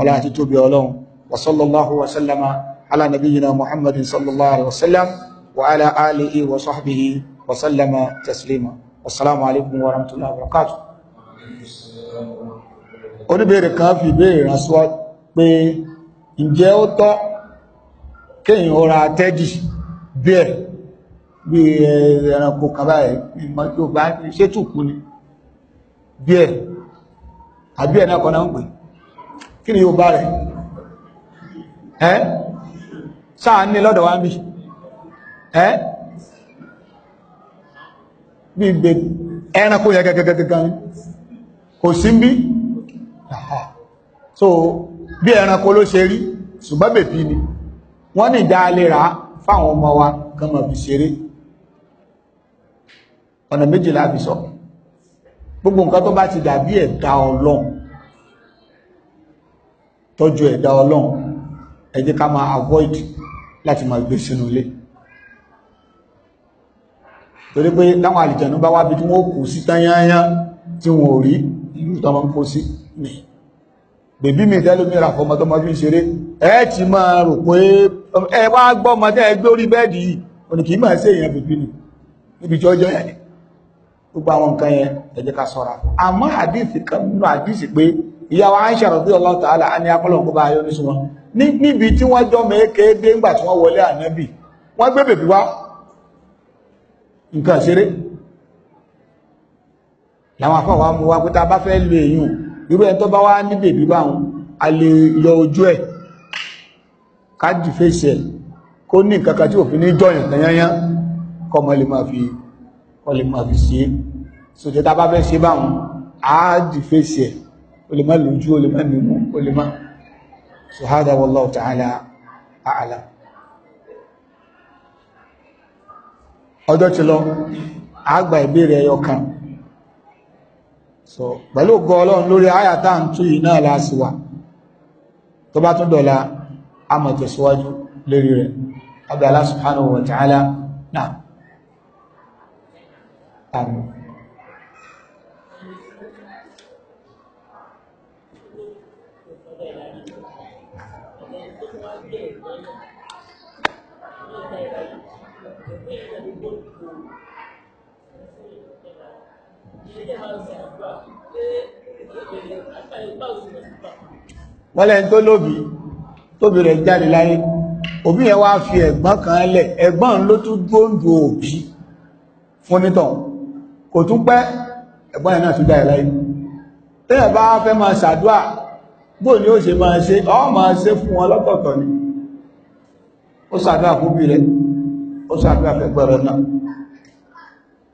ọlá tóbi ọlọ́run wa sallallahu wa muhammadin sallallahu alaihi wa ala alihi wa sahbihi wa taslima wassalamu alaikum wa rahmatullahi oníbèèrè kan fi ìbéèrè ránṣọ́ pé ǹjẹ́ ó tọ́ kéyìn ó ra tẹ́dì bẹ́ẹ̀ bí ẹranko kàbá ìmọ̀jú bá ṣe tùkú ni bẹ́ẹ̀ àbí ẹ̀ náà kọ́nà ń pè kí ni yóò bá rẹ̀ ẹ́ sáà ní lọ́dọ̀ wá ń ẹ́ bí ẹranko yẹ gẹ́gẹ́gẹ́gẹ́ kò sí bí so bí ẹranko ló ṣe rí ṣùgbọ́n bèbí ni wọ́n ní ìdá alera fáwọn ọmọ wa kan mọ̀ fi ṣeré ọ̀nà méjì láàbì sọ gbogbo nǹkan tó bá ti dàbí ẹ̀dá ọlọ́run tọ́jú ẹ̀dá ọlọ́run ẹ ká máa avoid láti máa gbé sínú ilé torí pé láwọn àlìjẹ̀nú bá wábi tí wọ́n kù sí tányányán tí wọ́n ò rí ìlú tó máa kó sí mi bèbí mi tẹ́lú mi ra fọmọ tó mọ́ fi ń ṣeré ẹ ti máa rò pé ẹ wá gbọ́ ọmọ tẹ́ ẹ gbé orí bẹ́ẹ̀dì yìí òní kì í máa ṣe èèyàn bèbí ni níbi tí ó jọ yẹn gbogbo àwọn nǹkan yẹn ẹ jẹ́ ká ṣọ́ra àmọ́ àdìsí kan nínú àdìsí pé ìyá wa Aisha radiyallahu ta'ala ní akọ́lọ̀ kó bá ayọ́ ní sunwọ́n níbi tí wọ́n jọ mẹ́ẹ̀kẹ́ dé ńgbà tí wọ́n wọlé ànábì wọ́n gbé bèbí wá nǹkan ṣeré làwọn afọ wa mú wa pé tá a bá fẹ́ lo èèyàn irú ẹ tó bá wá ní bèbí báwọn a lè yọ ojú ẹ̀ ká dìfèsì ẹ̀ kó ní nǹkan kan tí òfin ní jọyàn tanyányán kọmọ lè máa fi kọ lè máa fi ṣe é sòtẹ́ tá a bá fẹ́ ṣe báwọn a dìfèsì o lè má lójú o lè má nímú o lè má so hada wallahu ta'ala a'lam ọjọ́ ti lọ àgbà ìbéèrè ẹyọ kan so pẹ̀lú ògo ọlọ́run lórí àyàtà ń tú yìí náà láti wà tó bá tún dọ̀la a mọ̀ tẹ̀síwájú lórí rẹ̀ abdallah subhanahu wa ta'ala náà wọ́n lẹ́ni tó lóbi tóbi rẹ̀ jáde láyé òbí yẹn wá fi ẹ̀gbọ́n kan lẹ̀ ẹ̀gbọ́n ló tún gbóǹdò òbí fún nítàn kò tún pẹ́ ẹ̀gbọ́n yẹn náà tún jáde láyé tẹ́yẹ̀ bá fẹ́ máa ṣàdúà bó ni ó ṣe máa ṣe ọ́ máa ṣe fún wọn lọ́tọ̀ọ̀tọ̀ ni ó ṣàdúà fún rẹ̀ ó ṣàdúà fẹ́gbọ́n rẹ̀ náà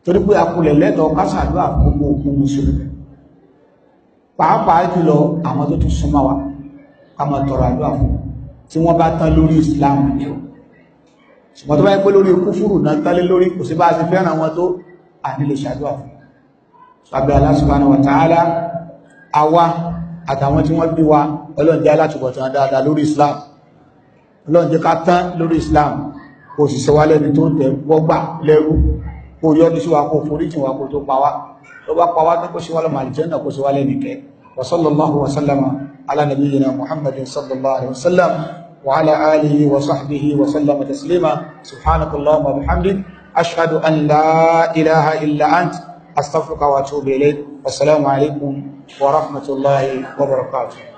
torí pé akulẹ̀ lẹ́tọ̀ọ́ kásàdúrà gbogbo òkú mùsùlùmí pàápàá jùlọ àwọn tó tún súnmọ́ wa ká máa tọrọ àdúrà fún tí wọ́n bá tán lórí Islam ni o ṣùgbọ́n tó bá yẹ pé lórí kúfúrù náà tán lé lórí kò sí bá a ti fẹ́ràn wọn tó ànílè ṣàdúrà fún abẹ́ Allah subhanahu wa ta'ala àwa àtàwọn tí wọ́n bí wa Ọlọ́run jẹ́ alátùbọ̀tán dáadáa lórí Islam Ọlọ́run jẹ́ ká tán lórí Islam kò sì sọ wá lẹ́ni tó tẹ̀ gbọ́gbà lẹ́rú kó yo ni siwa kó foríjì wa kó tó pa wá tó bá pa wá tó kó sí wa lọ́mọ àlìjẹ́nà kó sí wa lẹ́nìkẹ́ wa sallallahu wa sallama ala nabiyyina muhammadin sallallahu alaihi wa sallam wa ala alihi wa sahbihi wa sallama taslima subhanakallahumma wa bihamdik ashhadu an la ilaha illa ant astaghfiruka wa atubu ilayk wassalamu alaikum wa rahmatullahi wa barakatuh